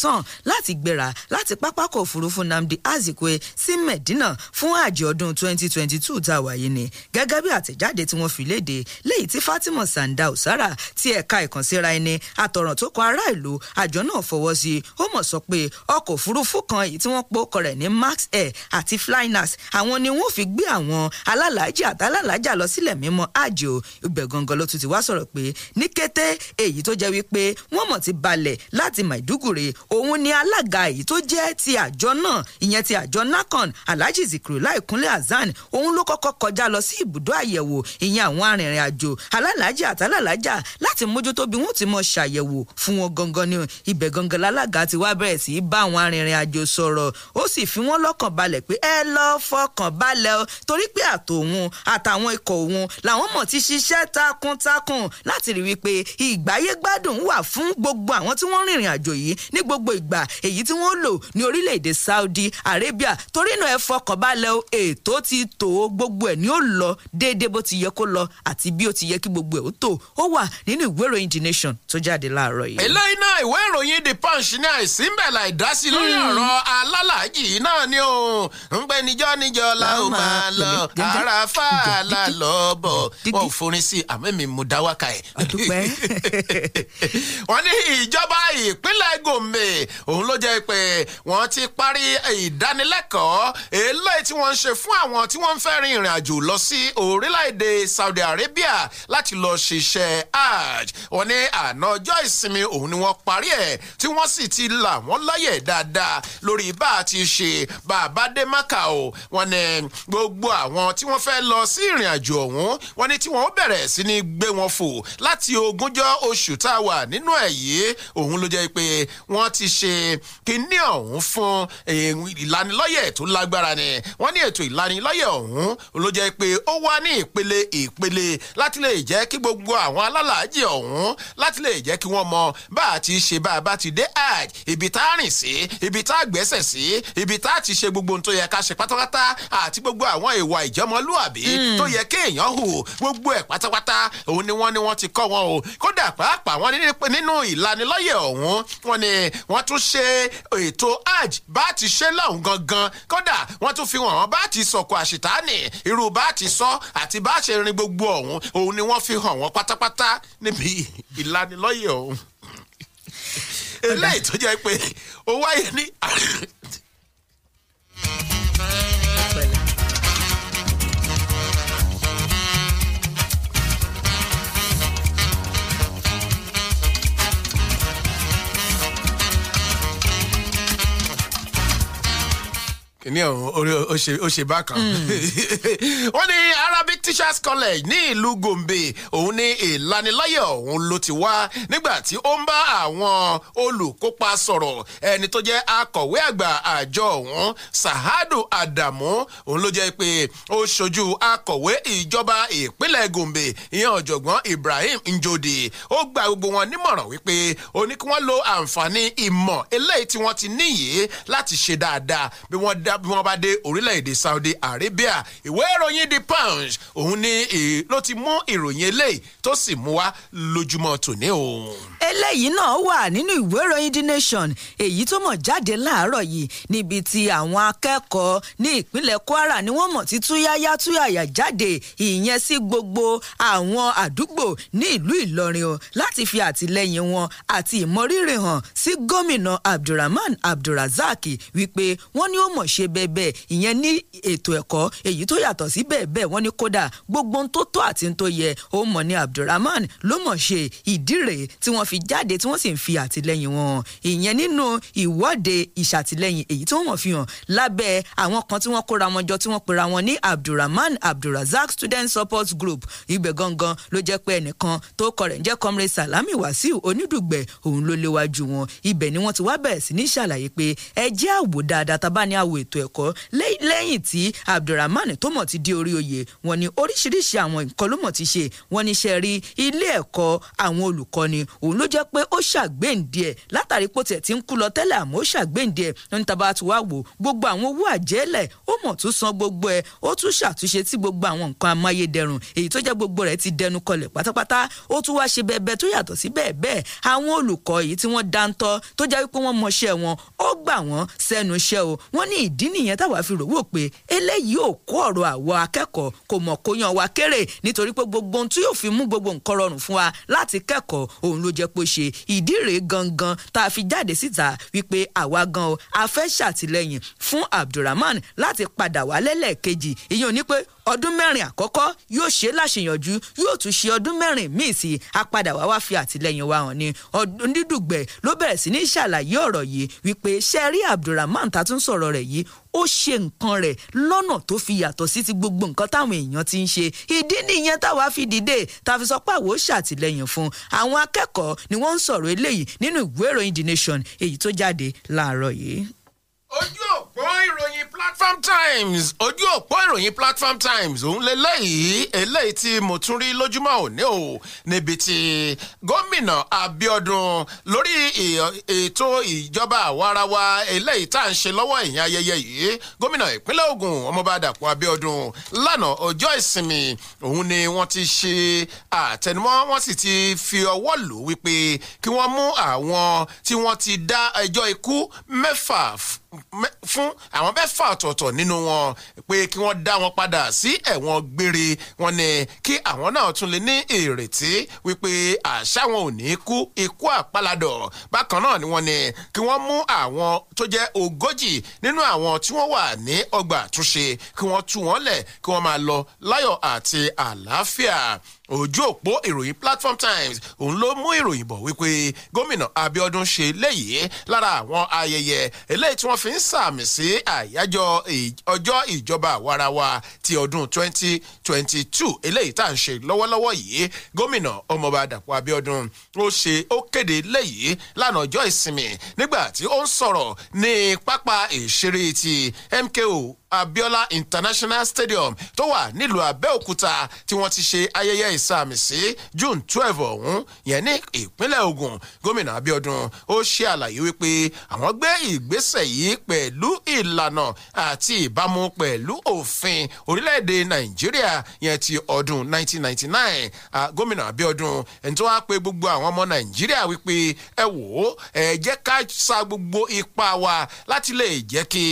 láti gbéra láti pápákọ̀ òfurufú namdi azikwe sí medina fún hajj ọdún 2022 tá a wáyé ni gẹ́gẹ́ bí àtẹ̀jáde tí wọ́n fi léde léyìí tí fatima sandaus sára ti ẹ̀ka ìkànsíra ẹni àtọ̀ràn tó kọ aráàlú àjọ náà fọwọ́ sí i ó mọ̀ sọ pé ọkọ̀ òfurufú kan èyí tí wọ́n pò kọ rẹ̀ ní max air àti flynas àwọn ni wọ́n fi gbé àwọn alálàájì àtàlálàájà lọ sílẹ̀ mímọ́ àjò ibẹ̀ gangan ló tún ti wá sọ̀rọ̀ pé ní kété èyí tó jẹ́ wípé wọ́n mọ̀ ti balẹ̀ láti Maiduguri òun ni alága èyí tó jẹ́ ti àjọ náà ìyẹn ti àjọ NACON Alhaji Zikrullah Ìkúnlé Hasan òun ló kọ́kọ́ kọjá lọ sí ibùdó àyẹ̀wò ìyẹn àwọn arìnrìn àjò alálàájì àtàlálàáj jà láti mójútó bí wọ́n ti mọ ṣàyẹ̀wò fún wọn gangan ni ibẹ̀ gangan lálága ti wá bẹ̀rẹ̀ sí bá àwọn arìnrìn àjò sọ̀rọ̀ ó sì fi wọ́n lọ́kàn balẹ̀ pé ẹ lọ fọkàn balẹ̀ o torí pé àtòun àtàwọn ikọ̀ òun làwọn mọ̀ ti ṣiṣẹ́ takuntakun láti rí wípé ìgbáyégbádùn wà fún gbogbo àwọn tí wọ́n rìnrìn àjò yìí ní gbogbo ìgbà èyí tí wọ́n lò ní orílẹ̀-èdè Saudi Arabia torí náà ẹ fọkàn balẹ̀ o ètò ti tò ó gbogbo ẹ̀ ni ó lọ déédéé bó ti yẹ kó lọ àti bí ó ti yẹ kí gbogbo ẹ̀ ó tò ó ó wà nínú ìwé ìròyìn the nation tó jáde láàárọ̀ yìí. eléyìí náà ìwé ìròyìn the punch ní àìsí ń bẹ̀ láì dá sí lórí hmm. ọ̀rọ̀ alálàájì náà ni o ń pẹ́ níjọ́ níjọ́ la ó máa lọ àràfà lálọ́bọ̀ wọ́n ò forin sí àmọ́ mi mú dá wákà ẹ̀. wọ́n ní ìjọba ìpínlẹ̀ gombe òun ló jẹ́ pé wọ́n ti parí ìdánilẹ́kọ̀ọ́ eléyìí tí wọ́n ń ṣe fún àwọn tí wọ́n ń fẹ́ rin ìrìn àjò lọ sí orílẹ̀-èdè saudi arabia láti lọ ṣiṣẹ́ hajj wọ́n ní àná ọjọ́ ìsinmi òun ni wọ́n parí ẹ̀ tí wọ́n sì ti là wọ́n láyè dáadáa lórí bá a ti ṣe bá a bá dé Mákà o wọ́n ní gbogbo àwọn tí wọ́n fẹ́ lọ sí ìrìn àjò ọ̀hún wọ́n ní tí wọ́n bẹ̀rẹ̀ sí ní gbé wọn fò láti ogúnjọ́ oṣù tá a wà nínú ẹ̀ yìí òun ló jẹ́ pé wọ́n ti ṣe kínní ọ̀hún fún eh, ìlanilọ́yẹ̀ tó lágbára ni wọ́n ní ètò ìlanilọ́yẹ̀ ọ̀hún ló jẹ́ pé ó wà ní ìpele ìpele láti lè jẹ́ kí gbogbo àwọn alálàájì ọ̀hún láti lè jẹ́ kí wọ́n mọ bá a ti ṣe bá a bá ti dé hajj ibi tá a rìn sí ibi tá a gbẹ́sẹ̀ sí ibi tá a ti ṣe gbogbo tó yẹ ká ṣe pátápátá àti gbogbo àwọn ìwà ìjọmọlúàbí tó yẹ kéèyàn hù gbogbo ẹ̀ pátápátá òun ni wọ́n ni wọ́n ti kọ́ wọn o kódà pàápàá wọ́n nínú ìlanilọ́yẹ̀ ọ̀hún wọ́n ni wọ́n tún ṣe ètò hajj bá a ti ṣe lọ́hùn gangan kódà wọ́n tún fi wọ́n bá a ti sọ̀kò àṣìtáàní pátá níbi ìlanilọ́yẹ̀ ọ̀hún eléyìí tó jẹ́ pé ó wáyé ní. kìnìún ọ̀hún orí ó ṣe bákan. Mm. wọ́n ní Arabic Teachers College ní ìlú Gombe òun ní ìlanilọ́yọ̀ òun ló ti wá nígbà tí ó ń bá àwọn olùkópa sọ̀rọ̀ ẹni tó jẹ́ akọ̀wé àgbà àjọ ọ̀hún Sahadu Adamu òun ló jẹ́ pé ó ṣojú akọ̀wé ìjọba ìpínlẹ̀ Gombe ìyẹn ọ̀jọ̀gbọ́n Ibrahim Njode ó gba gbogbo wọn nímọ̀ràn wípé ó ní kí wọ́n lo àǹfààní ìmọ̀ eléyìí tí wọ́n ti níyì láti ṣe dáadáa bí wọ́n dá bí wọ́n bá dé orílẹ̀-èdè Saudi Arabia ìwé ìròyìn The Punch òun ni ló ti mú ìròyìn eléyìí tó sì mú wá lójúmọ́ tòní o. eléyìí náà wà nínú ìwé ìròyìn The Nation èyí tó mọ̀ jáde láàárọ̀ yìí níbi tí àwọn akẹ́kọ̀ọ́ ní ìpínlẹ̀ Kwara ni wọ́n mọ̀ ti túyáyá túyàyà jáde ìyẹn sí gbogbo àwọn àdúgbò ní ìlú Ìlọrin o láti fi àtìlẹ́yìn wọn àti ìmọrírì hàn sí gómìnà Abdulrahman Abdulrazak wípé wọ́n ní ó mọ̀ ṣe ṣe bẹ́ẹ̀bẹ́ẹ̀ ìyẹn ní ètò ẹ̀kọ́ èyí tó yàtọ̀ sí bẹ́ẹ̀bẹ́ẹ̀ wọ́n ní kódà gbogbo ohun tó tọ́ àti ohun tó yẹ ó mọ̀ ní Abdulrahman ló mọ̀ ṣe ìdí rèé tí wọ́n fi jáde tí wọ́n sì ń fi àtìlẹ́yìn wọn ìyẹn nínú ìwọ́de ìṣàtìlẹ́yìn èyí tí wọ́n fi hàn lábẹ́ àwọn kan tí wọ́n kóra wọn jọ tí wọ́n pera wọn ní Abdulrahman Abdulrazak Student Support Group ibẹ̀ gangan ló jẹ́ pé ẹnìkan tó kọ rẹ̀ ń jẹ́ comrade Salami Wasiu onídùgbẹ̀ òun ló léwájú wọn ibẹ̀ ni wọ́n ti wá bẹ̀rẹ̀ sí ní ṣàlàyé pé ẹ jẹ́ àwò dáadáa tá ní àwò ètò ètò ẹ̀kọ́ lẹ́yìn tí abdulrahman tó mọ̀ ti di orí oyè wọ́n ní oríṣiríṣi àwọn nǹkan ló mọ̀ ti ṣe wọ́n ní ṣe rí ilé ẹ̀kọ́ àwọn olùkọ́ni òun ló jẹ́ pé ó ṣàgbéǹde ẹ̀ látàrí pò tẹ̀ tí ń kú lọ tẹ́lẹ̀ àmọ́ ó ṣàgbéǹde ẹ̀ ní taba tí wàá wò gbogbo àwọn owó àjẹ́lẹ̀ ó mọ̀ tún san gbogbo ẹ̀ ó tún ṣàtúnṣe tí gbogbo àwọn nǹkan amáyédẹrùn èyí tó jẹ́ gbogbo rẹ̀ ti dẹnu kọlẹ̀ pátápátá ó tún wáá ṣe bẹ́ẹ̀ tó yàtọ̀ sí bẹ́ẹ̀ bẹ́ẹ̀ àwọn olùkọ́ yìí tí wọ́n dáńtọ́ tó jẹ́ wípé wọ́n mọṣẹ́ wọn ó gbà wọ́n sẹ́nu iṣẹ́ o wọ́n ní ìdí nìyẹn táwa fi rò wò pé eléyìí ò kó ọ̀rọ̀ àwọn akẹ́kọ̀ọ́ kò mọ̀ kó yan wa kéré nítorí pé gbogbo ohun tí yóò fi mú gbogbo nǹkan rọrùn fún wa láti kẹ́kọ̀ọ́ òun ló jẹ́ pé ṣe ìdí rèé gangan tá a fi jáde síta wípé àwa gan o a fẹ́ ṣàtìlẹ́yìn fún Abdulrahman láti padà wálé lẹ́ẹ̀kejì ìyẹn ò ní pé ọdún mẹ́rin àkọ́kọ́ yóò ṣe láṣeyanjú yóò tún ṣe ọdún mẹ́rin míì sí i apadà wá wá fi àtìlẹ́yìn wa hàn ni ọdún dídùgbẹ̀ ló bẹ̀rẹ̀ sí ní ṣàlàyé ọ̀rọ̀ yìí wípé ṣẹ́ẹ́rí Abdulrahman tá tún sọ̀rọ̀ rẹ̀ yìí ó ṣe nǹkan rẹ̀ lọ́nà tó fi yàtọ̀ sí ti gbogbo nǹkan táwọn èèyàn ti ń ṣe ìdí nìyẹn táwa fi dìde ta sọ pé àwo ṣàtìlẹ́yìn fún àwọn akẹ́kọ̀ọ́ ni wọ́n ń sọ̀rọ̀ eléyìí nínú ìwé ìròyìn The Nation èyí tó jáde láàárọ̀ yìí. ojú platform times ojú òpó ìròyìn platform times òun lélẹ́yìí eléyìí tí mo tún rí lójúmọ́ òní o níbi tí gómìnà abiodun lórí ètò ìjọba àwarawa eléyìí tá à ń ṣe lọ́wọ́ ìyẹn ayẹyẹ yìí gómìnà ìpínlẹ̀ Ògùn ọmọọba Dàpọ̀ Abíọ́dún lánàá ọjọ́ ìsinmi òun ni wọ́n ti ṣe àtẹnumọ́ wọ́n sì ti fi ọwọ́ lò wípé kí wọ́n mú àwọn tí wọ́n ti dá ẹjọ́ ikú mẹ́fà fún àwọn mẹ́fà ọ̀tọ̀ọ̀tọ̀ nínú wọn pé kí wọ́n dá wọn padà sí ẹ̀wọ̀n gbére wọn ni kí àwọn náà tún lè ní ìrètí wípé àṣà wọn ò ní kú ikú àpálàdọ̀ bákan náà ni wọ́n ní kí wọ́n mú àwọn tó jẹ́ ogójì nínú àwọn tí wọ́n wà ní ọgbà àtúnṣe kí wọ́n tú wọn lẹ̀ kí wọ́n máa lọ láyọ̀ àti àlàáfíà ojú òpó ìròyìn platform times òun ló mú ìròyìn bọ̀ wípé gómìnà abiodun ṣe léyìí lára àwọn ayẹyẹ eléyìí tí wọ́n fi ń sàmì sí àyájọ́ ọjọ́ ìjọba àwarawa ti ọdún 2022 eléyìí tá à ń ṣe lọ́wọ́lọ́wọ́ yìí gómìnà ọmọọba dàpọ̀ abiodun ó ṣe ó kéde léyìí lánàá ọjọ́ ìsinmi nígbà tí ó ń sọ̀rọ̀ ní pápá ìṣeré ti mko abiola international stadium tó wà nílùú abẹ́òkúta tí wọ́n ti ṣe ayẹyẹ ìsàmìsí june twelve ọ̀hún yẹn ní ìpínlẹ̀ ogun gómìnà abiodun ó ṣe àlàyé wípé àwọn gbé ìgbésẹ̀ yìí pẹ̀lú ìlànà àti ìbámu pẹ̀lú òfin orílẹ̀-èdè nàìjíríà yẹn ti ọdún 1999 gómìnà abiodun ẹni tó wá pé gbogbo àwọn ọmọ nàìjíríà wípé ẹ wò ó ẹ jẹ́ ká sa gbogbo ipá wa láti lè jẹ́ kí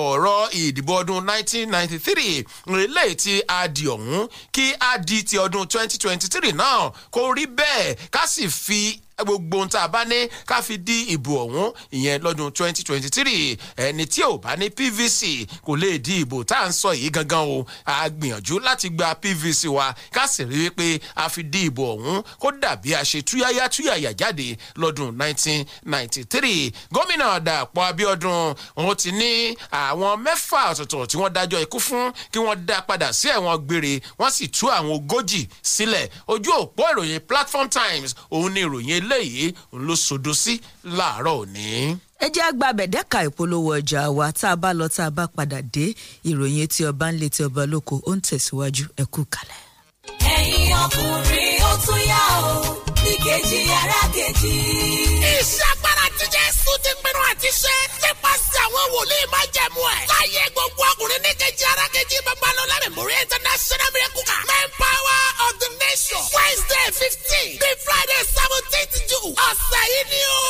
ọ̀rọ̀ ìdìbò ọdún 1993 eléyìí tí a di ọ̀hún kí a di ti ọdún 2023 náà kó rí bẹ́ẹ̀ ká sì fi gbogbo ohun tá a bá ní ká fi di ìbò ọ̀hún ìyẹn lọ́dún 2023 ẹni tí ò bá ní PVC kò lè di ìbò tá à ń sọ yìí gangan o a gbìyànjú láti gba PVC wa ká sì rí wípé a fi di ìbò ọ̀hún kó dàbí a ṣe túyáyá túyàyà jáde lọ́dún 1993 gómìnà Dàpọ̀ Abíọ́dún òun ti ní àwọn mẹ́fà ọ̀tọ̀ọ̀tọ̀ tí wọ́n dájọ́ ikú fún kí wọ́n dá padà sí ẹ̀wọ̀n gbére wọ́n sì tú àwọn ogójì sílẹ̀ ojú òpó ìròyìn Platform Times òun ni ìròyìn eléyìí òun ló sodo sí láàárọ̀ òní ẹ jẹ́ àgbà bẹ̀dẹ́ka ìpolówó ọjà wa tá a bá lọ tá a bá padà dé ìròyìn etí ọba ńlẹ̀ etí ọba lóko ó ń tẹ̀síwájú ẹ kú kalẹ̀. ẹ̀yin ọkùnrin ó tún yá o ní kejì ara kejì. ìṣàgbára tí jésù ti pinnu àti ṣe nípasẹ̀ àwọn wòlíì máa jẹ̀mú ẹ̀. láyé gbogbo ọkùnrin ní kejì ara kejì babalọ́lá memorial international miracle car. main power of the Revelation Wednesday fifteen ní Friday seventeenth June ọ̀sẹ̀ yìí ni ó.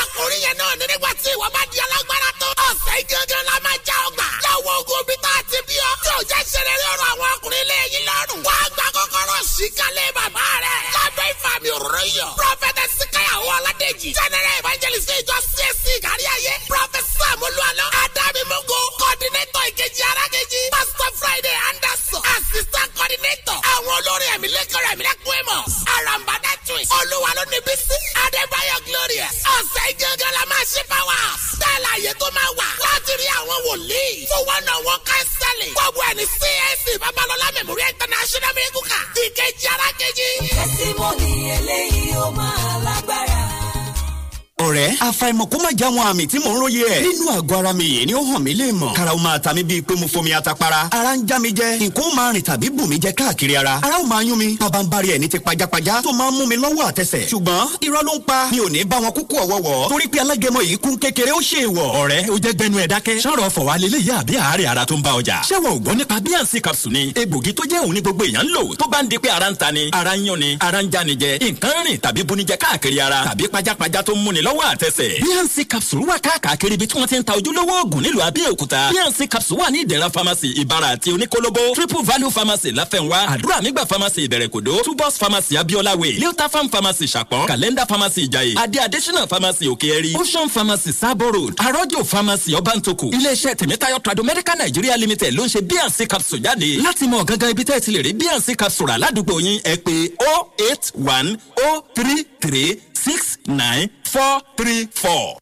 Àkòrí yẹn náà ní nígbà tí ìwọ bá di alágbára tó. Ọ̀sẹ̀ yìí gangan la máa já ọgbà. Lọ́wọ́ ogun bí tá a ti bí ọ. Yóò jẹ́ ṣẹlẹ̀ lọ́rọ̀ àwọn ọkùnrin lẹ́yìn lọ́rùn. Wà á gba kọ́kọ́rọ́ sí kalẹ̀ bàbá rẹ̀. Lábẹ́ ìfàmì òróró yọ. Prọfẹ̀tẹ̀ Sikayawo Aladeji. General Evangelist Ìjọ CSC kárí ayé. Prọfẹ̀sà Mọ́lúwalọ́. Adami Mogo. Kọ́dínétọ̀ ìkejì arákejì. Pásítọ̀ Friday Anderson. Assistant coordinator àwọn olórí ẹ̀mí lẹ́kọ̀ọ́ ẹ̀mí lẹ́kọ̀ọ́ ìmọ̀ àràǹbádá twins olúwa ló ní bísí adébáyọ̀ glorious ọ̀sẹ̀ ìgangan la máa ṣe fáwà sẹ́ẹ̀lì àyè tó máa wà láti rí àwọn wòlíì fún wọn náà wọn kánsẹ́lì gbogbo ẹ̀ ní csc babalọla memorial international mekuka ìkejì ara kejì. testimony eléyìí ó máa lágbára ọ̀rẹ́ àfàìmọ̀ kó má já wọn àmì tí mò ń róye ẹ̀ nínú àgọ́ ara mi yìí ni ó hàn mí lè mọ̀ kára ó máa ta mí bíi pé mo fomi atapara ara ń já mi jẹ nǹkan ó máa rìn tàbí bù mí jẹ káàkiri ara ara ó máa yún mi pabambari ẹ̀ ní ti pajápajá tó máa ń mú mi lọ́wọ́ àtẹsẹ̀ ṣùgbọ́n irọ́ ló ń pa mi ò ní bá wọn kúkú ọ̀wọ́wọ́ torí pé alágẹmọ yìí kún kékeré ó ṣe ìwọ̀ ọ̀rẹ́ ó jẹ́ gbẹnu ẹ̀ dákẹ́ sọ̀rọ̀ ọ̀fọ̀ wa lélẹ̀ yá lọ́wọ́ àtẹsẹ̀. bnc capsule wà káàkiri ibi tí wọ́n ti ń ta ojúlówó oògùn nílùú Abẹ́òkúta. bnc capsule wà ní ìdẹ̀ra pharmacy ìbàrà àti oníkólóbó triple value pharmacy láfẹ̀nwá àdúrà nígbà pharmacy Two tubos pharmacy abiola way leota farm pharmacy ṣàpọ̀n calendar pharmacy ìjàyè adé additional pharmacy òkèèrè ocean pharmacy sabo road arọ́jò pharmacy ọbàntòkù iléeṣẹ́ tèmítáyọ̀ tradu medical nigeria limited ló ń ṣe bnc capsule jáde láti mọ gangan ibi tẹ́ ẹ ti lè rí bnc capsule aládùúgbò yín ẹ pè 08103 three six nine four three four.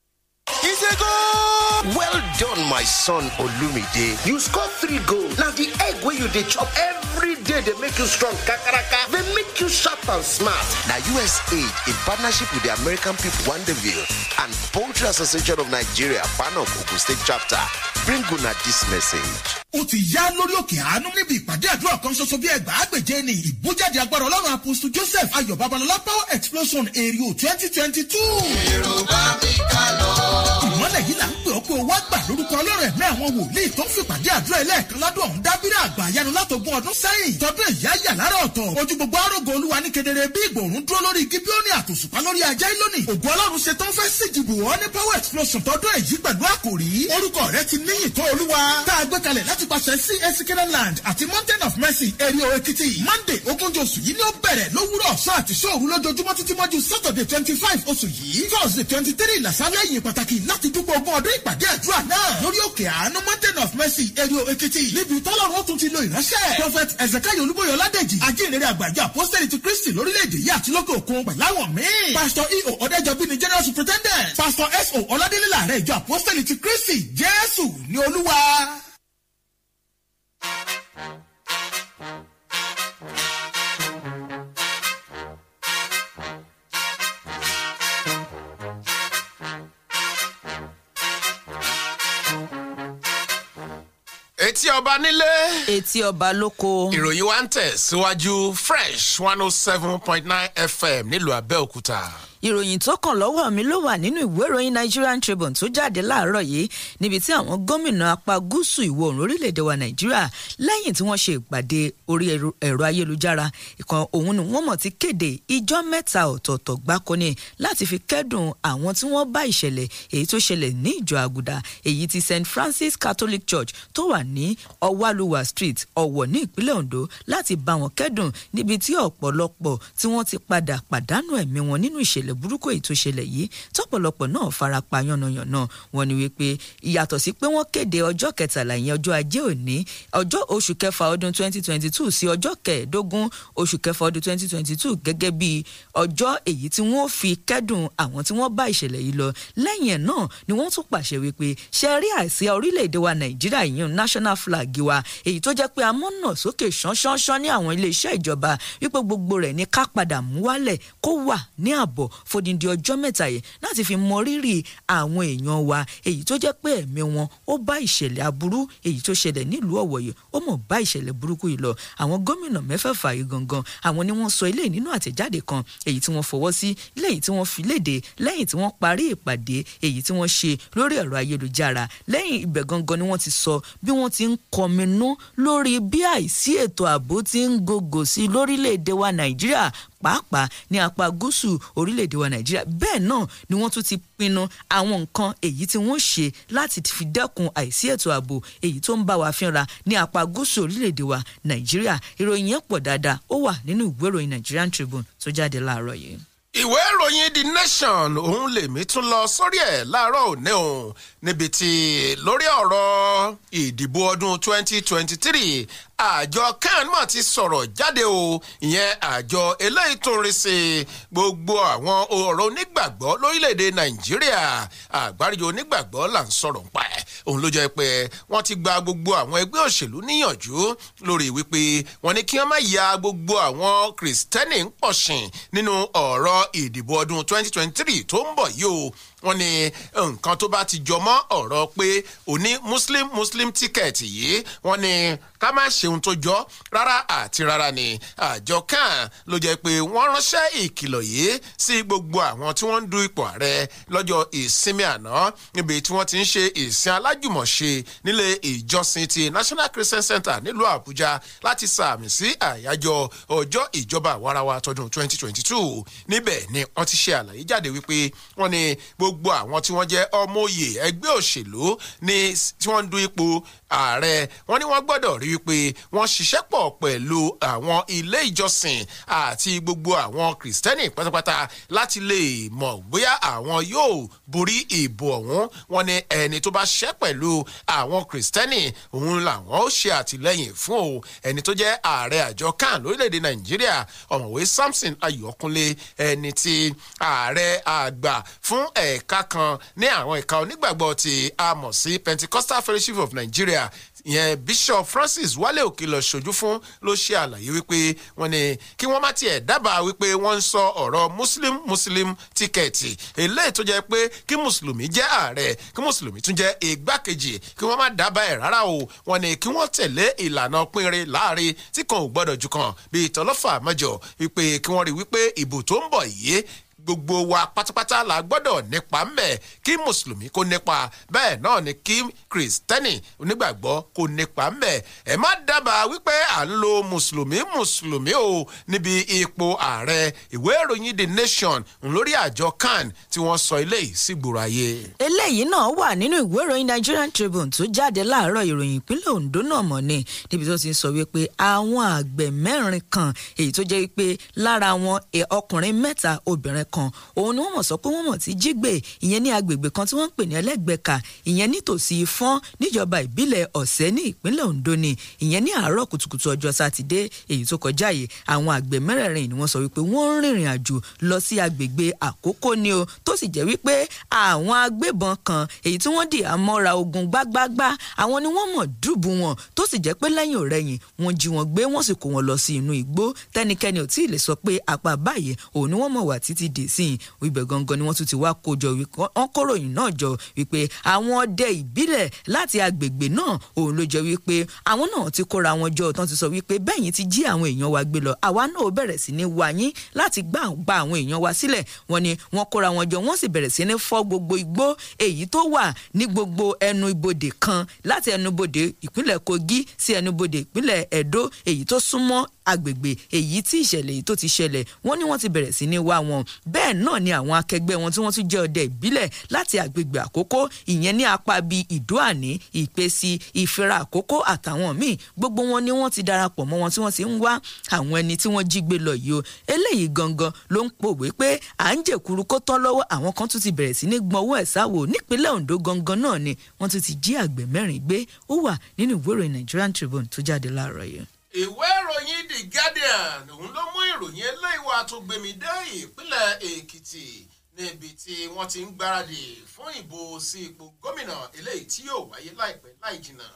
He's a goal! Well done, my son Olumide. You scored three goals. Now the egg where you dey chop every day they make you strong, kakaraka. They make you sharp and smart. Now USAID, in partnership with the American people, Wanderville, and Poultry Association of Nigeria, Panok Ogun State Chapter, bring una this message. ó ti yá lórí òkè àánú níbi ìpàdé àdúrà kan ṣoṣo bí ẹgbàá àgbèjẹ ni ìbújáde agbára ọlọ́run apostu joseph ayọ̀ babalọlá power explosion èrè o twenty twenty two. èrò bá mi ká lọ. ìmọ́lẹ̀ yìí là ń pè ọ́ pé wá gbà lórúkọ ọlọ́run ẹ̀mí àwọn wòlíì tó ń fìpàdé àdúrà ẹlẹ́ẹ̀kan lọ́dún ọ̀hún dábírà àgbà yanu látọ̀gbọ́n ọdún sẹ́yìn tọdún ìyá yà lára ọ̀tọ̀ ojú gbogbo arógo olúwa ní kedere bí ìgbòrún dúró lórí igi bí ó ní àtòṣùpá lórí ajá lónìí ògo ọlọ́run ṣe tó ń fẹ́ sí ìdìbò ọ ní power explosion tọdún èyí pẹ̀lú àkòrí orúkọ rẹ ti níyì tó olúwa tá a gbé kalẹ̀ láti pàṣẹ sí esikere land àti mountain of mercy èrè òkìtì monday ogúnjọ́ oṣù yìí ni ó bẹ̀rẹ̀ lówùrọ̀ ọ̀sán àti ṣóòru lójoojúmọ́ títí mọ́jú saturday twenty five oṣù yìí thursday twenty three làṣálẹ̀ yìí pàtàk pàtàkì láti dúpọ̀ ogún ọdún ìpàdé àdúrà náà lórí òkè àánú mountain of mercy erio ekiti níbi tọ́lọ́run ó tún ti lo ìránṣẹ́ prophet ezekiel olúbóyè ọládèjì ajínrere àgbàjọ apostoli ti kristi lórílẹ̀‐èdè yìí àti lókè òkun pẹ̀láwọ̀n míì pastor eo ọ̀dẹ́jọbí ni general superintendent pastor so ọládélé làárẹ̀ ìjọ apostoli ti kristi jésù ni olúwa. etí ọba nílé. etí ọba lóko. ìròyìn wa ń tẹ̀ síwájú fresh one oh seven point nine fm nílùú abẹ́òkúta ìròyìn tó kàn lọ́wọ́ mi ló wà nínú ìwé ìròyìn Nigerian Tribune tó jáde láàárọ̀ yìí níbi tí àwọn gómìnà apá gúúsù ìwọ̀ oòrùn orílẹ̀-èdè wa Nàìjíríà lẹ́yìn tí wọ́n ṣe ìpàdé orí ẹ̀rọ ayélujára ìkan òun ni wọ́n mọ̀ ti kéde ijọ́ mẹ́ta ọ̀tọ̀ọ̀tọ̀ gbáko ni láti fi kẹ́dùn àwọn tí wọ́n bá ìṣẹ̀lẹ̀ èyí tó ṣẹlẹ̀ ní ìjọ àgùdà èyí ti St Francis Catholic Church tó wà ní Ọwálúwà Street Ọ̀wọ̀ ní ìpínlẹ̀ Ondo láti bá wọn kẹ́dùn níbi tí ọ̀pọ̀lọpọ̀ tí wọ́n ti padà pàdánù ẹ̀mí wọn nínú ìṣẹ̀lẹ̀ ìṣẹ̀lẹ̀ burúkú èyí tó ṣẹlẹ̀ yìí tọ́pọ̀lọpọ̀ náà farapa yánnayànna wọ́n ní wípé ìyàtọ̀ sí pé wọ́n kéde ọjọ́ kẹtàlá ìyẹn ọjọ́ ajé òní ọjọ́ oṣù kẹfà ọdún 2022 sí ọjọ́ kẹẹ̀ẹ́dógún oṣù kẹfà ọdún 2022 gẹ́gẹ́ bí ọjọ́ èyí tí wọ́n fi kẹ́dùn àwọn tí wọ́n bá ìṣẹ̀lẹ̀ yìí lọ lẹ́yìn náà ni wọ́n tún pàṣẹ wípé ṣẹ́rí àsíá orílẹ̀-èdè wa nàìjíríà yìí national flag wa èyí tó jẹ́ pé amọ́nà sókè ṣánṣánṣán ní àwọn iléeṣẹ́ ìjọba wípé gbogbo rẹ̀ ní ká padà mú wálẹ̀ kó wà ní ààbọ̀ fòdìdí ọjọ́ mẹ́ta yìí láti fi mọ rírì àwọn èèyàn wa èyí tó jẹ́ pé ẹ̀mí wọn ó bá ìṣẹ̀lẹ̀ aburú èyí tó ṣẹlẹ̀ nílùú ọ̀wọ̀ yìí ó mọ̀ bá ìṣẹ̀lẹ̀ burúkú yìí lọ àwọn gómìnà mẹ́fẹ̀ẹ̀fà yìí gangan àwọn ni wọ́n sọ ilé nínú àtẹ̀jáde kan èyí tí wọ́n fọwọ́ sí lẹ́yìn tí wọ́n fi léde lẹ́yìn tí wọ́n parí ìpàdé èyí tí wọ́n ṣe lórí ẹ̀rọ ayélujára lẹ́yìn ibẹ̀ gangan ni wọ́n ti sọ bí wọ́n ti ń kọminú lórí bí àìsí ètò ààbò ti ń gògò sí lórílẹ̀ wa Nàìjíríà pàápàá ní apá gúúsù orílẹ̀-èdè wa nàìjíríà bẹ́ẹ̀ náà ni wọ́n tún ti pinnu àwọn nǹkan èyí tí wọ́n ṣe láti fi dẹ́kun àìsí ètò ààbò èyí tó ń bá wa fínra ní apá gúúsù orílẹ̀-èdè wa nàìjíríà ìròyìn yẹn pọ̀ dáadáa ó wà nínú ìwé ìròyìn Nigerian Tribune tó jáde láàárọ̀ yìí ìwé ìròyìn the nation òun lèmi tún lọ sórí ẹ̀ láàárọ̀ òní òun níbi tí lórí ọ̀rọ̀ ìdìbò ọdún 2023 àjọ kan mà ti sọ̀rọ̀ jáde o ìyẹn àjọ eléyìí tó ń rí sí gbogbo àwọn ọ̀rọ̀ onígbàgbọ́ lórílẹ̀‐èdè nàìjíríà àgbáríjọ onígbàgbọ́ là ń sọ̀rọ̀ pa ẹ̀ òun ló jẹ́ pé wọ́n ti gba gbogbo àwọn ẹgbẹ́ òṣèlú níyànjú lórí wípé wọ́n ní kí wọ́n má ya gbogbo àwọn kìrìsìtẹ́nì ń pọ̀sìn nínú ọ̀rọ̀ ìdìbò ọdún 2023 tó ń bọ̀ yìí o wọ́n ní nǹkan tó bá ti jọ mọ́ ọ̀rọ̀ pé òní muslim muslim tíkẹ́ẹ̀tì yìí wọ́n ní ká má ṣe ohun tó jọ rárá àti rárá ni àjọ kan ló jẹ́ pé wọ́n ránṣẹ́ ìkìlọ̀ yìí sí gbogbo àwọn tí wọ́n ń du ipò ààrẹ lọ́jọ́ ìsinmi àná níbi tí wọ́n ti ń ṣe ìsìn alájùmọ̀ṣe nílé ìjọsìn ti National Christian Center nílùú Àbújá láti sàmì sí àyájọ́ ọjọ́ ìjọba àwarawa tọdún 2022 níbẹ̀ ni wọ́n ti ṣe àlàyé jáde wípé wọ́n ní gbogbo àwọn tí wọ́n jẹ́ ọmọ òye ẹgbẹ́ òṣèlú ni tí wọ́n ń du ipò ààrẹ wọ́n ní wọ́n gbọ́dọ̀ rí wípé wọ́n ṣiṣẹ́ pọ̀ pẹ̀lú àwọn ilé ìjọsìn àti gbogbo àwọn kìrìsìtẹ́nì pátápátá láti lè mọ̀ bóyá àwọn yóò borí ìbò ọ̀hún wọ́n ní ẹni tó bá ṣẹ́ pẹ̀lú àwọn kìrìsìtẹ́nì òun làwọn ó ṣe àtìlẹ́yìn fún o ẹni tó jẹ́ ààrẹ àjọ kan lórílẹ̀‐èdè nàìjíríà ọ̀mọ̀wé samson ayọ̀kúnlé ẹni tí ààrẹ àgbà fún ẹ̀ka kan ní àwọn ẹ̀ka onígbàgbọ́ ti amọ̀ sí pentecostal fellowship of nigeria ìyẹn bishop francis wálé òkè lọ ṣojú fún ló ṣe àlàyé wípé wọ́n ní kí wọ́n má tiẹ̀ dábàá wípé wọ́n ń sọ ọ̀rọ̀ muslim muslim tíkẹ́ẹ̀tì eléyìí tó jẹ́ pé kí mùsùlùmí jẹ́ ààrẹ kí mùsùlùmí tún jẹ́ igbákejì kí wọ́n má dábàá ẹ̀ rárá o wọ́n ní kí wọ́n tẹ̀lé ìlànà pínrin láàrin tí kan ò gbọ́dọ̀ jù kan bíi tọlọ́fà mọ́jọ wípé kí wọ́n rí wípé ìbò tó ń bọ̀ yìí gbogbo wa pátápátá la gbọ́dọ̀ nípa ńbẹ̀ kí mùsùlùmí kó nípa bẹ́ẹ̀ náà ni kí kìrìsìtẹ́nì onígbàgbọ́ kó nípa ńbẹ̀ ẹ má dábàá wípé à ń lo mùsùlùmí mùsùlùmí o níbi ipò ààrẹ ìwé ìròyìn the nation lórí àjọ kan tí wọ́n sọ eléyìí sí gbòòrò ayé. eléyìí náà wà nínú ìwé ìròyìn Nigerian Tribune tó jáde láàárọ̀ ìròyìn ìpínlẹ̀ Ondo náà mọ̀ ni níbi tó ti ń sọ wípé àwọn àgbẹ̀ mẹ́rin kan èyí tó jẹ́ wípé lára wọn e, ọkùnrin mẹ́ta obìnrin kan òun ni wọ́n mọ̀ sọ pé wọ́n mọ̀ ti jígbé ìyẹn ní agbègbè kan tí wọ́n ń pè ní ẹlẹ́gbẹ̀ka ìyẹn nítòsí Ìfọ́n níjọba ìbílẹ̀ Ọ̀sẹ́ ní ìpínlẹ̀ Ondo ni ìyẹn ní àárọ̀ kùtùkùtù ọjọ́ sátidé èyí tó kọjá yìí àwọn àgbẹ̀ mẹ́rẹ̀ẹ̀rin ni wọ́n sọ wípé wọ́n ń rìnrìn àjò lọ sí agbègbè Àkókó ni o tó sì jẹ́ wípé àwọn agbébọn kan èyí tí wọ́n dì àmọ́ra ogun gbágbágbá àwọn ni wọ́n mọ̀ dùbù wọn tó sì jẹ́ pé lẹ́yìn ọ̀rẹ́yìn wọ́n jí wọn gbé wọ́n sì kó wọn lọ sí inú igbó tẹ́nikẹ́ni ò tí ì lè sọ pé apá báyìí òun ni wọ́n mọ̀ wà títí d di sín ibẹ̀ gangan ni wọ́n tún ti wá kójọ wọ́n kóròyìn náà jọ wípé àwọn ọdẹ ìbílẹ̀ láti agbègbè náà òun ló jọ wípé àwọn náà ti kóra wọn jọ tán ti sọ wípé bẹ́yìn ti jí àwọn èèyàn wa gbé lọ àwa náà ó bẹ̀rẹ̀ sí ní wá yín láti gbà gba àwọn èèyàn wa sílẹ̀ wọ́n ní wọ́n kóra wọn jọ wọ́n sì bẹ̀rẹ̀ sí ní fọ́ gbogbo igbó èyí tó wà ní gbogbo ẹnu ibodè kan láti ẹnu ibodè ìpínlẹ̀ Kogi sí ẹnu ibodè ìpínlẹ̀ Edo èyí tó súnmọ́ agbègbè èyí tí ìṣẹ̀lẹ̀ yìí tó ti ṣẹlẹ̀ wọ́n ní wọ́n ti bẹ̀rẹ̀ sí ní wá wọn bẹ́ẹ̀ náà ni àwọn akẹgbẹ́ wọn tí wọ́n tún jẹ́ ọdẹ ìbílẹ̀ láti àgbègbè àkókó ìyẹn ní apá bíi ìdóàní ìpèsè ìfira àkókó àtàwọn míì gbogbo wọn ni wọ́n ti darapọ̀ mọ́ wọn tí wọ́n ti ń wá àwọn ẹni tí wọ́n jí gbé lọ yìí o eléyìí gangan ló ń pòwé pé à ń jèkúrú kó tán lọ́wọ́ àwọn kan tún ti bẹ̀rẹ̀ sí ní gbọ́n owó ẹ̀ sáwò nípínlẹ̀ Ondo gangan náà ni wọ́n tún ti jí àgbẹ̀ mẹ́rin gbé ó wà nínú ìwé ìròyìn Nigerian Tribune tó jáde láàárọ̀ yìí ìwé ìròyìn the guardian òun ló mú ìròyìn eléyìí wá tó gbémi dé ìpínlẹ̀ èkìtì níbi tí wọ́n ti ń gbáradì fún ìbò sí ipò gómìnà eléyìí tí yóò wáyé láìpẹ́ láì jìnnà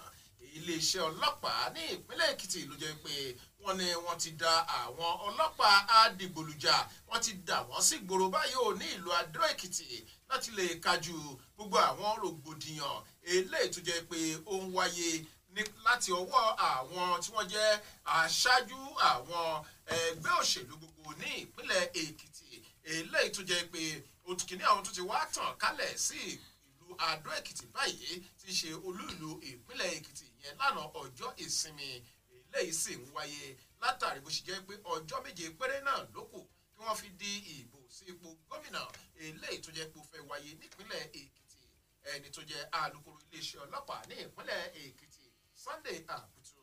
iléeṣẹ́ ọlọ́pàá ní ìpínlẹ̀ èkìtì ló jẹ́ pé wọ́n ní wọ́n ti da àwọn ọlọ́pàá adigbolujà wọ́n ti dà wọ́n sí gbòòrò báyìí ò ní ìlú adó èkìtì láti lè kájú gbogbo àwọn rògbòdìyàn eléyìí tó jẹ́ pé ó ń wáyé láti ọwọ́ àwọn tí wọ́n jẹ́ aṣáájú àwọn ẹgbẹ́ òṣèlú gbogbo ní ìpínlẹ̀ Èkìtì eléyìí tó jẹ́ pé òtùkìní àwọn tó ti wá tàn kálẹ̀ sí ìlú Adó Èkìtì báyìí ti ṣe olú ìlú ìpínlẹ̀ Èkìtì yẹn lánàá ọjọ́ ìsinmi eléyìí sì ń wáyé látàrí bó ṣe jẹ́ pé ọjọ́ méje péré náà ló kù kí wọ́n fi di ìbò sí ipò gómìnà eléyìí tó jẹ́ pé ó fẹ́ wáyé nípínlẹ̀ Èkìtì ẹni tó jẹ́ alukoro iléeṣẹ́ ọlọ́pàá ní ìpínlẹ̀ Èkìtì sunday àbùtù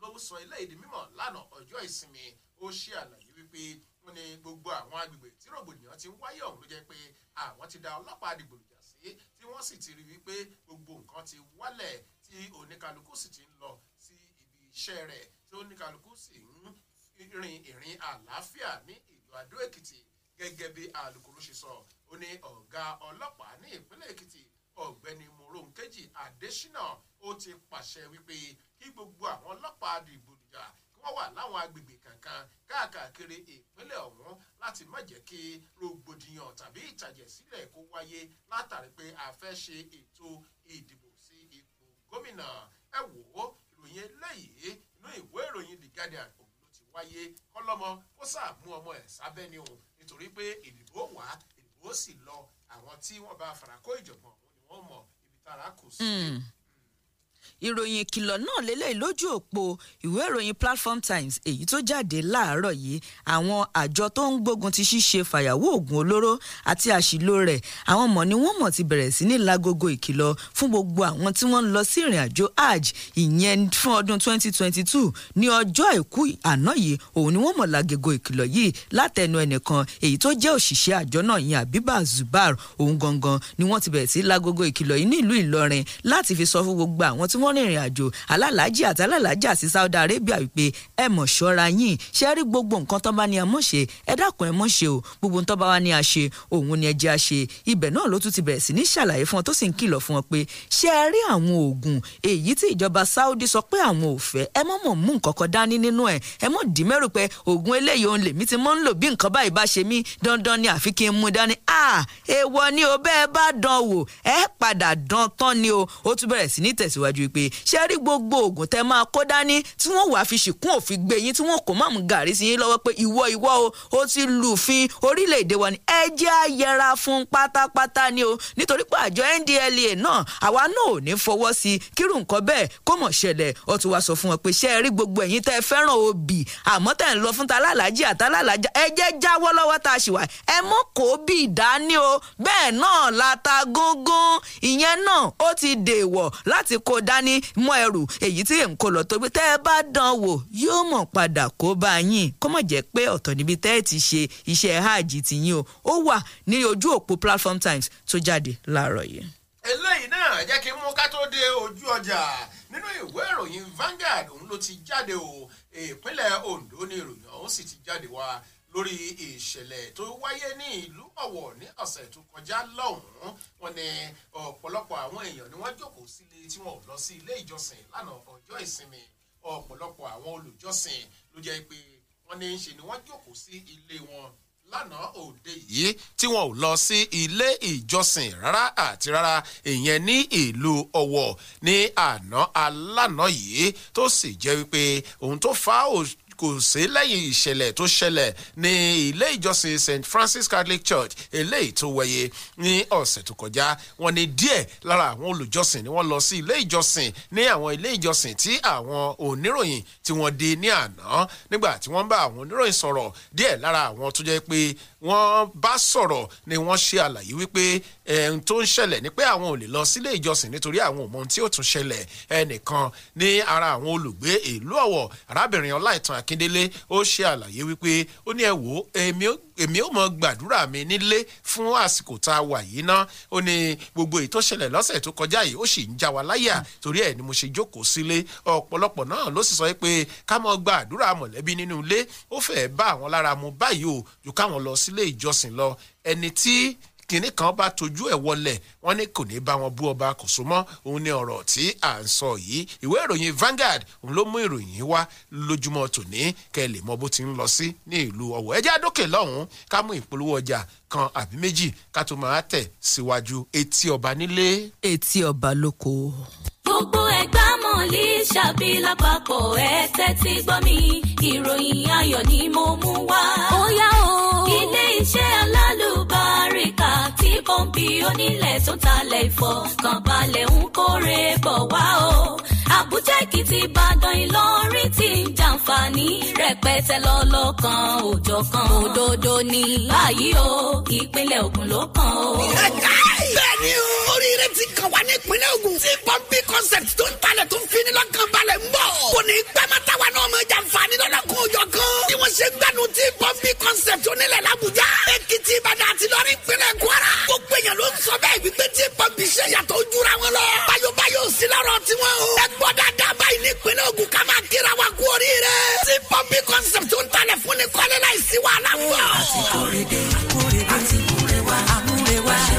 ló sọ ilé ìdí mímọ̀ lánàá ọjọ́ ìsinmi ó ṣe àlàyé wípé wọ́n ní gbogbo àwọn agbègbè tí rògbòdìyàn ti ń wáyé ọ̀hún ló jẹ́ pé àwọn ti da ọlọ́pàá dìgbòlùjà sí tí wọ́n sì ti rí wípé gbogbo nǹkan ti wálẹ̀ tí oníkálukú sì ti ń lọ sí ibi iṣẹ́ rẹ̀ tí oníkálukú sì ń rin ìrìn àlàáfíà ní ìlú Adó Èkìtì gẹ́gẹ́ bí alukoro ṣe sọ ó ní ọ̀gá ọlọ́pàá ní ìpínlẹ̀ Èkìtì ọ̀gbẹ́ni moronkeji adesina ó ti pàṣẹ wípé kí gbogbo àwọn ọlọ́pàá dìgbòdìjà kí wọ́n wà láwọn agbègbè kankan káàkiri ìpínlẹ̀ ọ̀hún láti má jẹ́ kí rògbòdìyàn tàbí ìtàjẹ̀sílẹ̀ kó wáyé látàrí pé a fẹ́ ṣe ètò ìdìbò sí ipò gómìnà ẹ wò ó ìròyìn eléyìí inú ìwé ìròyìn the guardian òun ló ti wáyé kọ́lọ́mọ kó sáà mú ọmọ ẹ̀ sábẹ́ ni òun nítorí pé ìdìbò wá ìdìbò sì lọ àwọn tí wọ́n bá farakó ìjọ̀gbọ̀n òun homofóbicos, taracos, hum. ìròyìn ìkìlọ̀ náà lélẹ̀ lójú òpó ìwé ìròyìn Platform Times èyí tó jáde láàárọ̀ yìí àwọn àjọ tó ń gbógun ti ṣíṣe fàyàwọ́ oògùn olóró àti àṣìlò rẹ̀ àwọn mọ̀ ni wọ́n mọ̀ ti bẹ̀rẹ̀ sí ní lágogo ìkìlọ̀ fún gbogbo àwọn tí wọ́n ń lọ sí ìrìn àjò hajj ìyẹn fún ọdún 2022 ní ọjọ́ àìkú àná yìí òun ni wọ́n mọ̀ lágogo ìkìlọ̀ yìí látẹnu ẹnìkan èyí tó jẹ́ òṣìṣẹ́ àjọ náà yẹn Àbíbà Zubar òun gangan ni wọ́n ti bẹ̀rẹ̀ sí lágogo ìkìlọ̀ yìí nílùú Ìlọrin láti fi sọ fún gbogbo tí wọ́n rìnrìn àjò alálàájì àti alálàájà sí Saudi Arabia wípé ẹ mọ̀ ṣọ́ra yín ṣe rí gbogbo nǹkan tán bá ní ẹ mọ̀ ṣe ẹ dákun ẹ mọ̀ ṣe o gbogbo nǹkan tán bá wá ní a ṣe òun ni ẹ jẹ́ a ibẹ̀ náà ló tún ti bẹ̀rẹ̀ sí ní ṣàlàyé fún wọn tó sì ń kìlọ̀ fún wọn pé ṣe ẹ rí àwọn oògùn èyí tí ìjọba Saudi sọ pé àwọn ò fẹ́ ẹ mọ̀ mọ̀ mú nǹkan kan dání nínú ẹ̀ ẹ mọ̀ dì mẹ́rù pé oògùn eléyìí òun lèmi ti mọ́ ń lò bí nǹkan báyìí bá ṣe mí dandan ni àfi kí n mú dání à èèwọ̀ ni o bẹ́ẹ̀ bá dán wò ẹ padà dán tán ni o ó tún bẹ̀rẹ̀ sí ní tẹ̀síwájú síwájú pé ṣé rí gbogbo oògùn tẹ máa kó dání tí wọ́n wàá fi ṣìkún òfin gbé yín tí wọ́n kò mọ̀mú gàrí sí yín lọ́wọ́ pé ìwọ ìwọ o ó ti lùfin orílẹ̀-èdè wa ni ẹ jẹ́ á yẹra fún pátápátá ni o nítorí pé àjọ NDLEA náà àwa náà ò ní fọwọ́ sí kírù nǹkan bẹ́ẹ̀ kó mọ̀ ṣẹlẹ̀ ó ti wá sọ fún wọn pé ṣé rí gbogbo ẹ̀yin tẹ́ fẹ́ràn obì àmọ́ tẹ̀ ń lọ fún találàájì àtàlálàájì ẹ jẹ́ jáwọ́ lọ́wọ́ tá a ṣì wà ẹ mọ́ kó bì dání o bẹ́ẹ̀ náà la ta gúngún ìyẹn náà ó ti dèèwọ̀ láti kó d dání mọ́ ẹrù èyí tí èǹkó lọ tó gbé tẹ́ ẹ bá dán wò yóò mọ̀ padà kó bá yín kó mọ̀ jẹ́ pé ọ̀tọ̀ níbi tẹ́ ẹ ti ṣe iṣẹ́ hajj tìyín o ó wà ní ojú òpó platform times tó jáde láàárọ̀ yìí. eléyìí náà jẹ́ kí n mú ká tó dé ojú ọjà nínú ìwé ìròyìn Vanguard òun ló ti jáde o ìpínlẹ̀ Ondo ni ìròyìn ọ̀hún sì ti jáde wá lórí ìṣẹ̀lẹ̀ tó wáyé ní ìlú ọ̀wọ̀ ní ọ̀sẹ̀ tó kọjá lọ́hùn-ún wọ́n ní ọ̀pọ̀lọpọ̀ àwọn èèyàn ni wọ́n jókòó sílé tí wọ́n ò lọ sí ilé ìjọsìn lánàá ọjọ́ ìsinmi ọ̀pọ̀lọpọ̀ àwọn olùjọsìn ló jẹ́ pé wọ́n ní í ṣe ni wọ́n jókòó sí ilé wọn lánàá òde yìí tí wọn ò lọ sí ilé ìjọsìn rárá àti rárá ìyẹn ní ìlú Ọ̀wọ̀ ní àná alánà yìí tó sì jẹ́ wípé ohun tó fa kò sí lẹ́yìn ìṣẹ̀lẹ̀ tó ṣẹlẹ̀ ní ilé ìjọsìn st francis catholic church eléyìí tó wẹ̀yẹ ní ọ̀sẹ̀ tó kọjá wọ́n ní díẹ̀ lára àwọn olùjọsìn ni wọ́n lọ sí ilé ìjọsìn ní àwọn ilé ìjọsìn tí àwọn oníròyìn tí wọ́n dé ní àná nígbà tí wọ́n bá àwọn oníròyìn sọ̀rọ̀ díẹ̀ lára àwọn tó jẹ́ pé wọ́n bá sọ̀rọ̀ ni wọ́n ṣe àlàyé wípé ẹ̀hún tó ń ṣẹlẹ̀ ni pé àwọn ò lè lọ sílé ìjọsìn nítorí àwọn ò tí ó tún ṣẹlẹ̀ ẹnìkan ní ara àwọn olùgbé ìlú Ọ̀wọ̀ arábìnrin Ọláìtàn Akíndélé ó ṣe àlàyé wípé ó ní ẹ wò èmi ó èmi ò mọ gbàdúrà mi nílé fún àsìkò tá a wà yìí ná ó ní gbogbo èyí tó ṣẹlẹ̀ lọ́sẹ̀ tó kọjá yìí ó sì ń já wa láyà torí ẹ̀ ni mo ṣe jókòó sílé ọ̀pọ̀lọpọ̀ náà ló sì sọ pé ká mọ gbàdúrà mọ̀lẹ́bí nínú ilé ó fẹ́ẹ́ bá àwọn lára mu báyìí o ju káwọn lọ sílé ìjọsìn lọ ẹni tí kinní kan bá tojú ẹ̀ wọlẹ̀ wọ́n ní kò ní bá wọn bú ọba kò so òun ni ọ̀rọ̀ tí à ń sọ yìí ìwé ìròyìn Vanguard òun ló mú ìròyìn wá lójúmọ́ tòní kẹ́ ẹ lè mọ bó ti ń lọ sí ní ìlú Ọ̀wọ̀ ẹjẹ́ àdókè lọ́hùn-ún ká mú ìpolówó ọjà kan àbí méjì ká tó máa tẹ̀ síwájú etí ọba nílé. etí ọba lóko. gbogbo ẹgbẹ́ mọ̀lì ṣàbí lápapọ̀ ẹ̀ tẹ́tí gbọ́ mi ìròyìn ayọ̀ ni mo mú wá. ó yá o iṣẹ́ alálùbáríkà tí pọ́ǹpì onílẹ̀ tó talẹ̀ ìfọ̀kànbalẹ̀ ń kórè bọ̀ wá o. Àbújá Èkìtì Ìbàdàn Ìlọrin ti ń jàǹfààní rẹpẹtẹ lọ́lọ́kan òjọ̀kan òdodo ní báyìí o ìpínlẹ̀ Ògùn ló kàn o. bẹ́ẹ̀ ni o kékeré ti kàn wá ní ìpínlẹ̀ Ògùn tí pọ́ńpì concept tó ń talẹ̀ tó ń fini lọ́kàn balẹ̀ ń bọ̀. kò ní gbẹ́mọ́ta wa náà máa jàǹfààní lọ́lọ́kùn òjọ̀ kan. bí wọ́n ṣe gbẹ́nu tí pọ́ńpì concept onílẹ̀ làbújá. Èkìtì Ìbàdàn àti lọ́rí ìpínlẹ̀ Kwara. gbogbo èèyàn ló ń sọ bẹ́ẹ̀ wípé tí pọ́ńpì ṣe yàtọ̀ ojúra wọn lọ. báyọ̀báyọ̀ sí lọ́rọ̀ tiwọn o. ẹ gbọ́ dáadáa báyìí ní ìpínlẹ̀ Ògùn ká máa kíra wa kú oríire. tí pọ́ńpì concept tó ń talẹ̀ fún ni kọ́lé láìsí wàhálà fún ọ. àti kórè dé àti kórè wá àmúre wá ṣe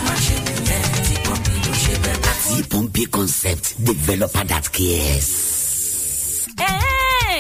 Pumpy concept developer that cares.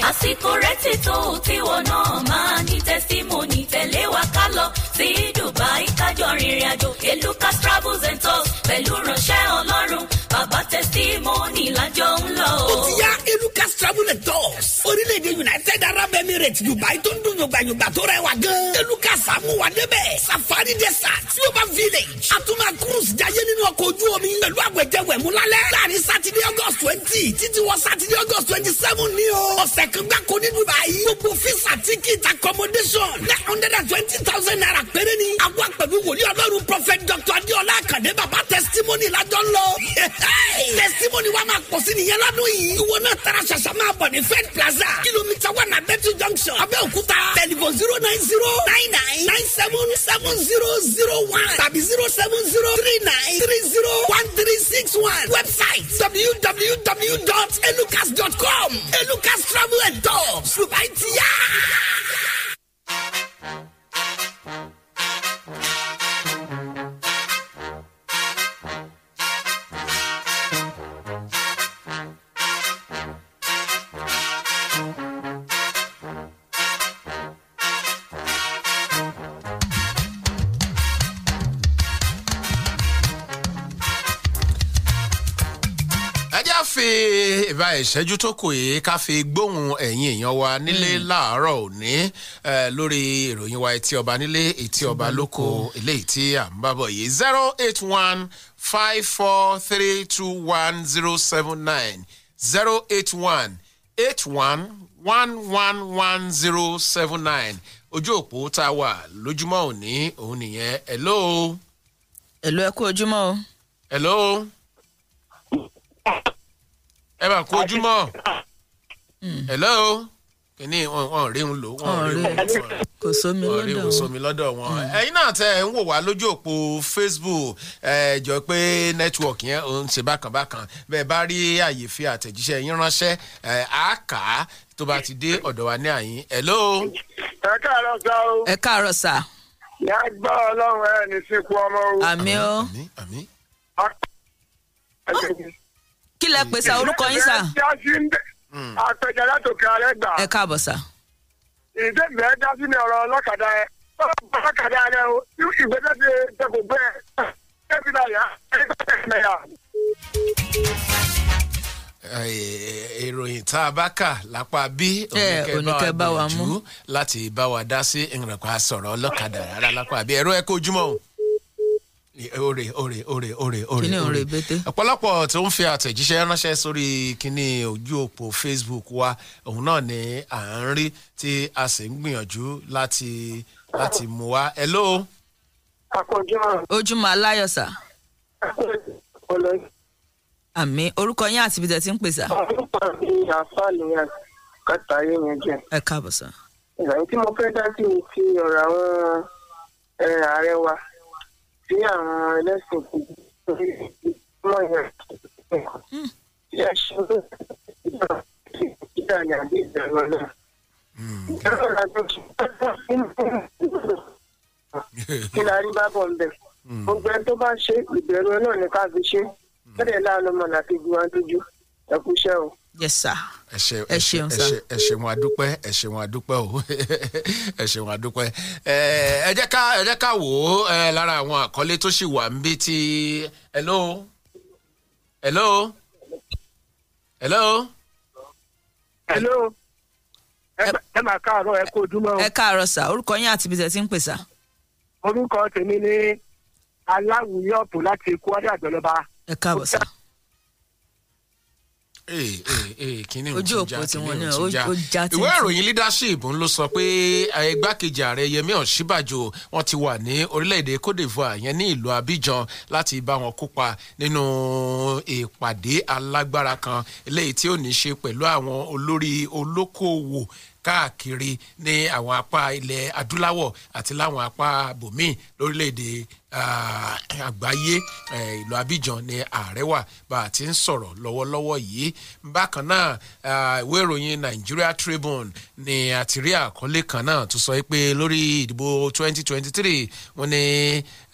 àsìkò rẹ̀ ti tó tiwọ̀ náà máa ní testimony tẹ̀lé wa ká lọ sí Dubai kájọ rìnrìn àjò Eluka travels and tours pẹ̀lú ránṣẹ́ Ọlọ́run bàbá testimony lájọ ń lọ. ó ti yá Eluka travel and tours orílẹ̀-èdè United Arab Emirates Dubai tó ń dùn yògbàyògbà tó rẹwà gan-an dẹ́sà mú wa débẹ̀ safari desert, silver village atuma cruise jayé nínú ọkọ̀ ojú omi pẹ̀lú àgbẹ̀jẹ̀wẹ̀ mú lálẹ́ láàrin sátidé august twenty títí wọ sátidé august twenty seven ní o ọ̀sẹ̀ kan gbáko ní dubai gbogbo fisa ticket accommodation nine hundred and twenty thousand naira péré ni àwọn wòlíì ọlọ́run prophet dr adéọlá àkàndé bàbá testimony lájọ ń lọ. testimony wa máa pọ̀ sí nìyẹn lọ́dún yìí. ìwọ náà tara ṣàṣà máa bọ̀ ní fed plaza kilomita one abetu junction abẹ́òkúta telephone zero nine zero nine nine nine seven seven zero zero one tàbí zero seven zero three nine three zero one three six one website www.elucas.com elucas travel and tours. Right, yeah. ìbá ìṣẹ́jú tó kù yìí ká fi gbóhùn ẹ̀yin èèyàn wa nílé hmm. láàárọ̀ òní lórí ìròyìn wa etí ọba nílé etí ọba lóko eléyìí tí à yìí zero eight one five four three two one zero seven nine zero eight one eight one one one one zero seven nine ojú òpó tá a wà lójúmọ́ òní òun nìyẹn hello. hello ẹ kú ojúmọ́ o. hello ẹ bá kó ojúmọ́ ah. hmm. hello kìíní wọn rí wọn rí ń kò wọn rí ń sómi lọ́dọ̀ wọn. Hmm. ẹ̀yin náà tẹ ń wò wá lójú òpó Facebook ẹ pé nẹ́tíwọ̀kì yẹn ò ń ṣe bákan bákan bẹ́ẹ̀ bá rí àyè fi àtẹ̀jíṣẹ́ yín ránṣẹ́ ẹ á kà á tó bá ti dé ọ̀dọ̀ wa ní àyín. hello. ẹ káàárọ̀ sá o. ẹ káàárọ̀ sá. ìyá gbọ́ ọlọ́run ẹ̀ ní sìnkú ọmọ o. àmín o. àmín àmín. kí lẹ pè sá orúkọ yín sá. Hmm. àpèjà látòkè alẹ́ gbà. ẹ káàbọ̀ sá. ọ̀rọ̀ ọlọ́kadà ẹ ọlọ́kadà rẹ o ìgbésẹ̀ ti dẹkùn gbẹ ẹ fi náà yá ẹ fi náà yá. ìròyìn tá a bá kà lápá bí oníkẹ́ bá wa mú láti bá wa dá sí ore ore ore ore ore kíni ore bete. ọ̀pọ̀lọpọ̀ tó ń fi àtẹ̀jíṣẹ́ ránṣẹ́ sórí kíní ojú òpó Facebook wa òun náà ni à ń rí tí a sì ń gbìyànjú láti láti mú wa. hello. ojúmọ́ aláyọ̀ sá. àmì orúkọ yín àti ibi tẹ̀ tí ń pèsè. orúkọ mi àfààní àkàtàyé yẹn jẹ. ẹ káàbọ̀ sá. ìlànà tí mo fẹ́ dá sí ni ti ọ̀rọ̀ àwọn ààrẹ wa sí àwọn ẹlẹ́sìn kù torí ọmọ yẹn tí a ṣe ń bá ìdá ní àbí ìdáná náà. ìdáná náà tó ṣe kí la rí bábọ̀ ń bẹ̀. gbogbo ẹni tó bá ṣe ìbẹ̀rù náà ní ká fi ṣe bẹ́ẹ̀ láàánú mọ̀ láti gbìyànjú ẹ̀kúṣẹ́ o yes sir ẹ ṣe ẹ ṣeun sá ẹ ṣeun adúpẹ́ ẹ ṣeun adúpẹ́ o ẹ ṣeun adúpẹ́ ẹ jẹ́ ká ẹ jẹ́ ká wò ó lára àwọn àkọlé tó ṣì wà níbi tí hello hello hello. hello ẹ máa káàárọ̀ ẹ kó ojúmọ́. ẹ káàárọ̀ sá orúkọ yín àti ibiṣẹ́ tí ń pè sá. orúkọ tèmi ni aláwùyọ̀pù láti kwara àjọlọba. ẹ káàbọ̀ sá ojú òpó tiwọn náà ó já títí. ìwé ìròyìn leadership ń ló sọ pé eh, igbákejì ààrẹ yẹmi ọ̀ṣíbàjò wọn ti wà ní orílẹ̀-èdè cote divoire yẹn ní ìlú abidjan láti bá wọn kópa nínú ìpàdé alágbára kan eléyìí tí ó ní í ṣe pẹ̀lú àwọn olórí olókoòwò káàkiri ní àwọn apá ilẹ̀ adúláwọ̀ àti láwọn apá bòmíì lórílẹ̀‐èdè ah, àgbáyé eh, ìlú Abidjan ní ààrẹ wà bá a ti ń sọ̀rọ̀ lọ́wọ́lọ́wọ́ yìí bákan náà ah, ìwé ìròyìn Nigeria Tribune ni àti rí àkọlé kan náà tó sọ pé lórí ìdìbò 2023 wọ́n ní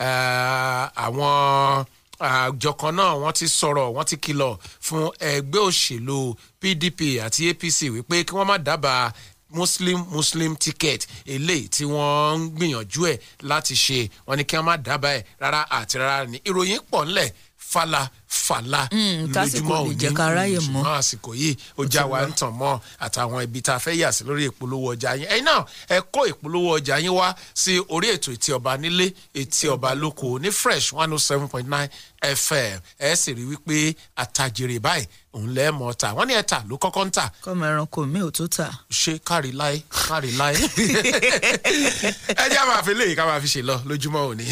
ah, àwọn. Uh, àjọ kan náà wọ́n ti sọ̀rọ̀ wọ́n ti kìlọ̀ fún ẹgbẹ́ òṣèlú PDP àti APC wípé kí wọ́n má dábàá muslim muslim ticket eléyìí tí wọ́n ń gbìyànjú ẹ̀ láti ṣe wọ́n ní kí wọ́n má dábàá ẹ̀ rárá àti rárá ni ìròyìn pọ̀ ńlẹ̀ fala fàlà hmm, lójúmọ́ òní lójúmọ́ àsìkò yìí ó já wa ń tàn mọ́ àtàwọn ibi tá a fẹ́ yà sí lórí ìpolówó ọjà yín ẹ̀yin náà ẹ kó ìpolówó ọjà yín wá sí orí ètò etí ọba nílé etí ọba lóko ní fresh one oh seven point nine fm ẹ sì rí wípé àtàjèrè báyìí òun lẹ́ mọ̀ ta wọ́n ní ẹ ta ló kọ́kọ́ ń ta. kọ́mọ ẹranko mi ò tó ta. ṣé kárí láé kárí láé. ẹ jẹ́ àwọn àfẹ́lẹ́ yìí ká máa fi ṣe lọ lójúmọ́ òní.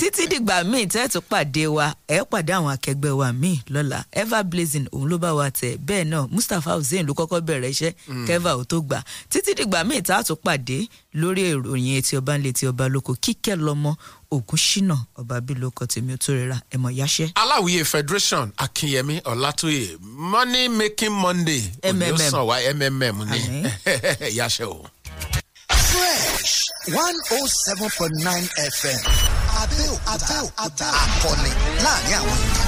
títí dìgbà míì tẹ́ẹ̀tù pàdé wa ẹ̀ pàdé àwọn akẹgbẹ́ ẹgbẹ́ wa míì lọ́la ever blazing òun ló bá wa tẹ̀ bẹ́ẹ̀ náà Mustapha Hussein ló kọ́kọ́ bẹ̀rẹ̀ iṣẹ́ hmm. kẹ́fà ò tó gbà títí dìgbà míì tá a tún pàdé lórí ìròyìn etí ọba ń létí ọba lóko kíkẹ́ lọ́mọ ògùn ṣínà ọba bíi lóko tèmi ò tó rira ẹ̀mọ̀ yáṣẹ́. aláwìyé federation akínyẹmí ọlátúyè money making monday òní ó sàn wá mmm ní yáṣẹ́ o. fresh one oh seven point nine fm abẹ́òkúta akọni láàrin àwọn ènìyàn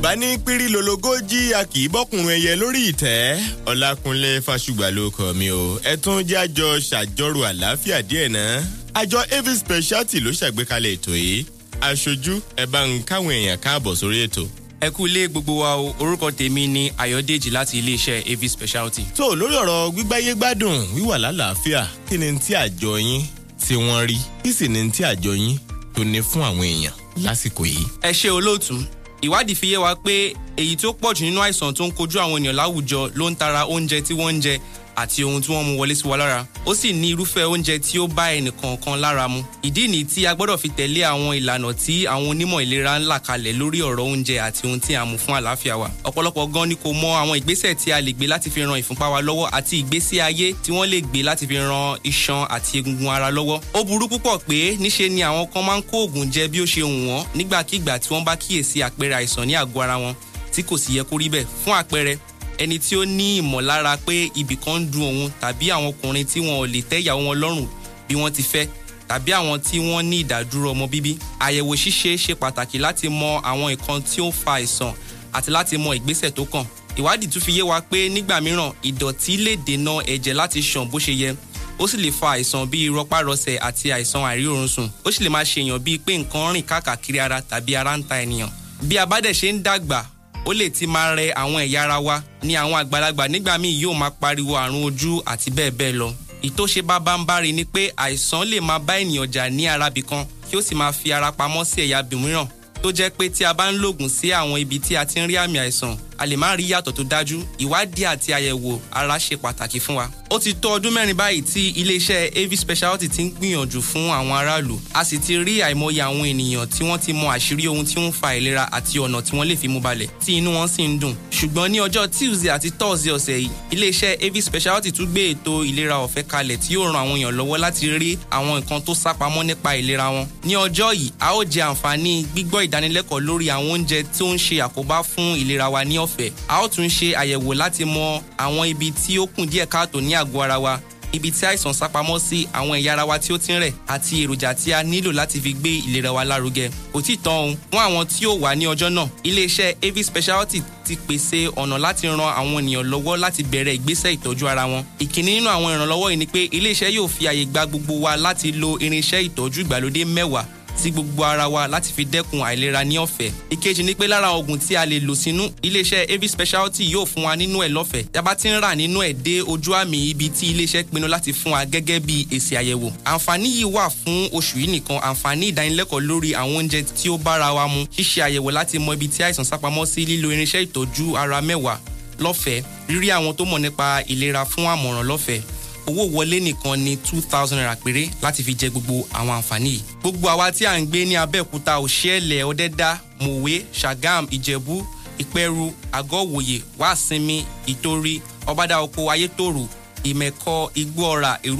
yorùbá ní pírí lologójì a kì í bọ́kùnrin ẹyẹ lórí ìtẹ́ ọlákúnlé fàṣùgbà ló kọ mi o ẹ tún jẹ́ àjọ ṣàjọrò àlàáfíà díẹ̀ náà àjọ av speciality ló ṣàgbékalẹ̀ ètò yìí aṣojú ẹ bá ń káwọn èèyàn káàbọ̀ sórí ètò ẹ kú ilé gbogbo wa o orúkọ tèmi ni ayọ̀dèjì láti iléeṣẹ́ av speciality. tó o lórí ọ̀rọ̀ gbígbáyé gbádùn wíwà lálàáfíà kí ni ti àjọ yín tí wọ́n rí kí sì ni ti àjọ yín tó ní fún àwọn èèyàn lásìkò yìí. ẹ ṣe olóòtú ìwádìí fi yé wa pé èyí tó pọ̀jù nínú àìsàn tó ń kojú àwọn ènìyàn láwùjọ ló ń tara oúnjẹ tí wọ́n ń jẹ àti ohun tí wọ́n mú wọlé sí wa lára ó sì ní irúfẹ́ oúnjẹ tí ó bá ẹnìkọ̀ọ̀kan lára mu ìdí nìyí tí a gbọ́dọ̀ fi tẹ̀lé àwọn ìlànà tí àwọn onímọ̀ ìlera ń là kalẹ̀ lórí ọ̀rọ̀ oúnjẹ àti ohun tí a mú fún àlàáfíà wa ọ̀pọ̀lọpọ̀ gan ni kò mọ àwọn ìgbésẹ̀ tí a lè gbé láti fi ran ìfúnpá wa lọ́wọ́ àti ìgbésí ayé tí wọ́n lè gbé láti fi ran iṣan àti egungun ara lọ́wọ́ ó burú púpọ̀ pé níṣe ni àwọn kan máa ń kó oògùn jẹ bí ó ṣe hù wọ́n nígbàkigbà tí wọ́n bá kíyèsí àpẹẹrẹ àìsàn ní àgọ́ ara wọn tí kò sì yẹ kó rí bẹ́ẹ̀ fún àpẹẹrẹ ẹni tí ó ní ìmọ̀lára pé ibì kan ń dun òun tàbí àwọn ọkùnrin tí wọn ò lè tẹ́ ìyàwó wọn lọ́rùn bí wọ́n ti fẹ́ tàbí àwọn tí wọ́n ní ìdádúró ọmọ bíbí. àyẹ̀wò ṣíṣe ṣe pàtàkì láti mọ àwọn nǹkan tí ó ń fa àìsàn àti láti mọ ìgbésẹ̀ tó kàn. ìwádìí tún fi yé wa pé nígbà mìíràn ìdọ̀tí lè dènà ẹ̀jẹ̀ láti ṣàn bó ṣe yẹ ó sì lè fa àìsàn bíi rọpárọsẹ̀ àti àìsàn àìríorunsùn ó sì lè máa ṣèyàn bíi pé nǹkan rìn káàkiri ara tàbí ara ń ta ènìyàn bí a bá dẹ̀ ṣe ń dàgbà ó lè ti máa rẹ àwọn ẹ̀yà ara wa ni àwọn àgbàlagbà nígbà míì yóò máa pariwo àrùn ojú àti bẹ́ẹ̀ bẹ́ẹ̀ lọ. ìtòṣe bábánbárin ni pé àìsàn lè máa bá ènìyàn jà ní arabi kan kí ó sì máa fi ara pamọ́ sí ẹ̀yà bìmíràn tó jẹ́ pé tí a bá ń lògùn sí àwọn ibi tí a ti ń rí àmì àìsàn a lè má rí yàtọ̀ tó dájú ìwádìí àti àyẹ̀wò ara ṣe pàtàkì fún wa. ó ti tó ọdún mẹ́rin báyìí tí iléeṣẹ́ av speciality ti ń gbìyànjú fún àwọn aráàlú a sì ti rí àìmọye àwọn ènìyàn tí wọ́n ti mọ àṣírí ohun tí ó ń fa àìlera àti ọ̀nà tí wọ́n lè fi mú balẹ̀ tí inú wọn sì ń dùn. ṣùgbọ́n ní ọjọ́ tuesday àti thursday ọ̀sẹ̀ yìí iléeṣẹ́ av speciality tún gbé ètò ìlera ọ̀fẹ́ kalẹ̀ tí yóò ran àwọn èèyàn lọ́wọ́ láti rí àwọn nǹkan tó sápamọ́ nípa ìlera wọn. ní ọjọ́ yìí a ó jẹ àǹfààní gbígbọ́ ìdánilẹ́kọ̀ọ́ lórí àwọn oúnjẹ tó ń ṣe àkóbá ọ̀fẹ́ a ó tún ṣe àyẹ̀wò láti mọ àwọn ibi tí ó kùn díẹ̀ káàtó ní àgọ́ ara wa ibi tí àìsàn sápamọ́ sí àwọn ẹ̀yà ara wa tí ó ti ń rẹ̀ àti èròjà tí a nílò láti fi gbé ìlera wa lárugẹ. kò tí ì tán òun fún àwọn tí ó wà ní ọjọ́ náà iléeṣẹ́ av speciality ti pèsè ọ̀nà láti ran àwọn ènìyàn lọ́wọ́ láti bẹ̀rẹ̀ ìgbésẹ̀ ìtọ́jú ara wọn. ìkíní nínú àwọn ìrànlọ́wọ́ yìí ni pé iléeṣẹ́ yóò fi àyè gba gbogbo wa láti lo irinṣẹ́ ìtọ́jú ìgbàlódé mẹ́wàá ti gbogbo ara wa láti fi dẹ́kun àìlera ní ọ̀fẹ́. ìkejì ni pé lára oògùn tí a lè lò sínú iléeṣẹ́ av speciality yóò fún wa nínú ẹ̀ lọ́fẹ̀ẹ́ tí a bá ti ń rà nínú ẹ̀ dé ojú àmì ibi tí iléeṣẹ́ pinnu láti fún wa gẹ́gẹ́ bí èsì àyẹ̀wò. àǹfààní yìí wà fún oṣù yìí nìkan àǹfààní ìdánilẹ́kọ̀ọ́ lórí àwọn oúnjẹ tí ó bára wa mu ṣíṣe àyẹ̀wò láti mọ ibi tí àìsàn sápamọ́ sí lílo irinṣẹ́ ìtọ́jú ara mẹ́wàá lọ́fẹ̀ẹ́ rírí àwọn tó mọ̀ nípa ìlera fún àmọ̀ràn lọ́fẹ̀ẹ́ owó wọlé nìkan ni two thousand naira péré láti fi jẹ gbogbo àwọn àǹfààní yìí. gbogbo àwa tí à ń gbé ní abẹ́òkúta òṣèlè ọ̀dẹ́dá mòwe ṣàgám ìjẹ̀bú ìpẹ́rù àgọ́wòye wàsinmi ìtorí ọbádàoko ayétòrò ìmẹ̀kọ igbóọ̀rà èrú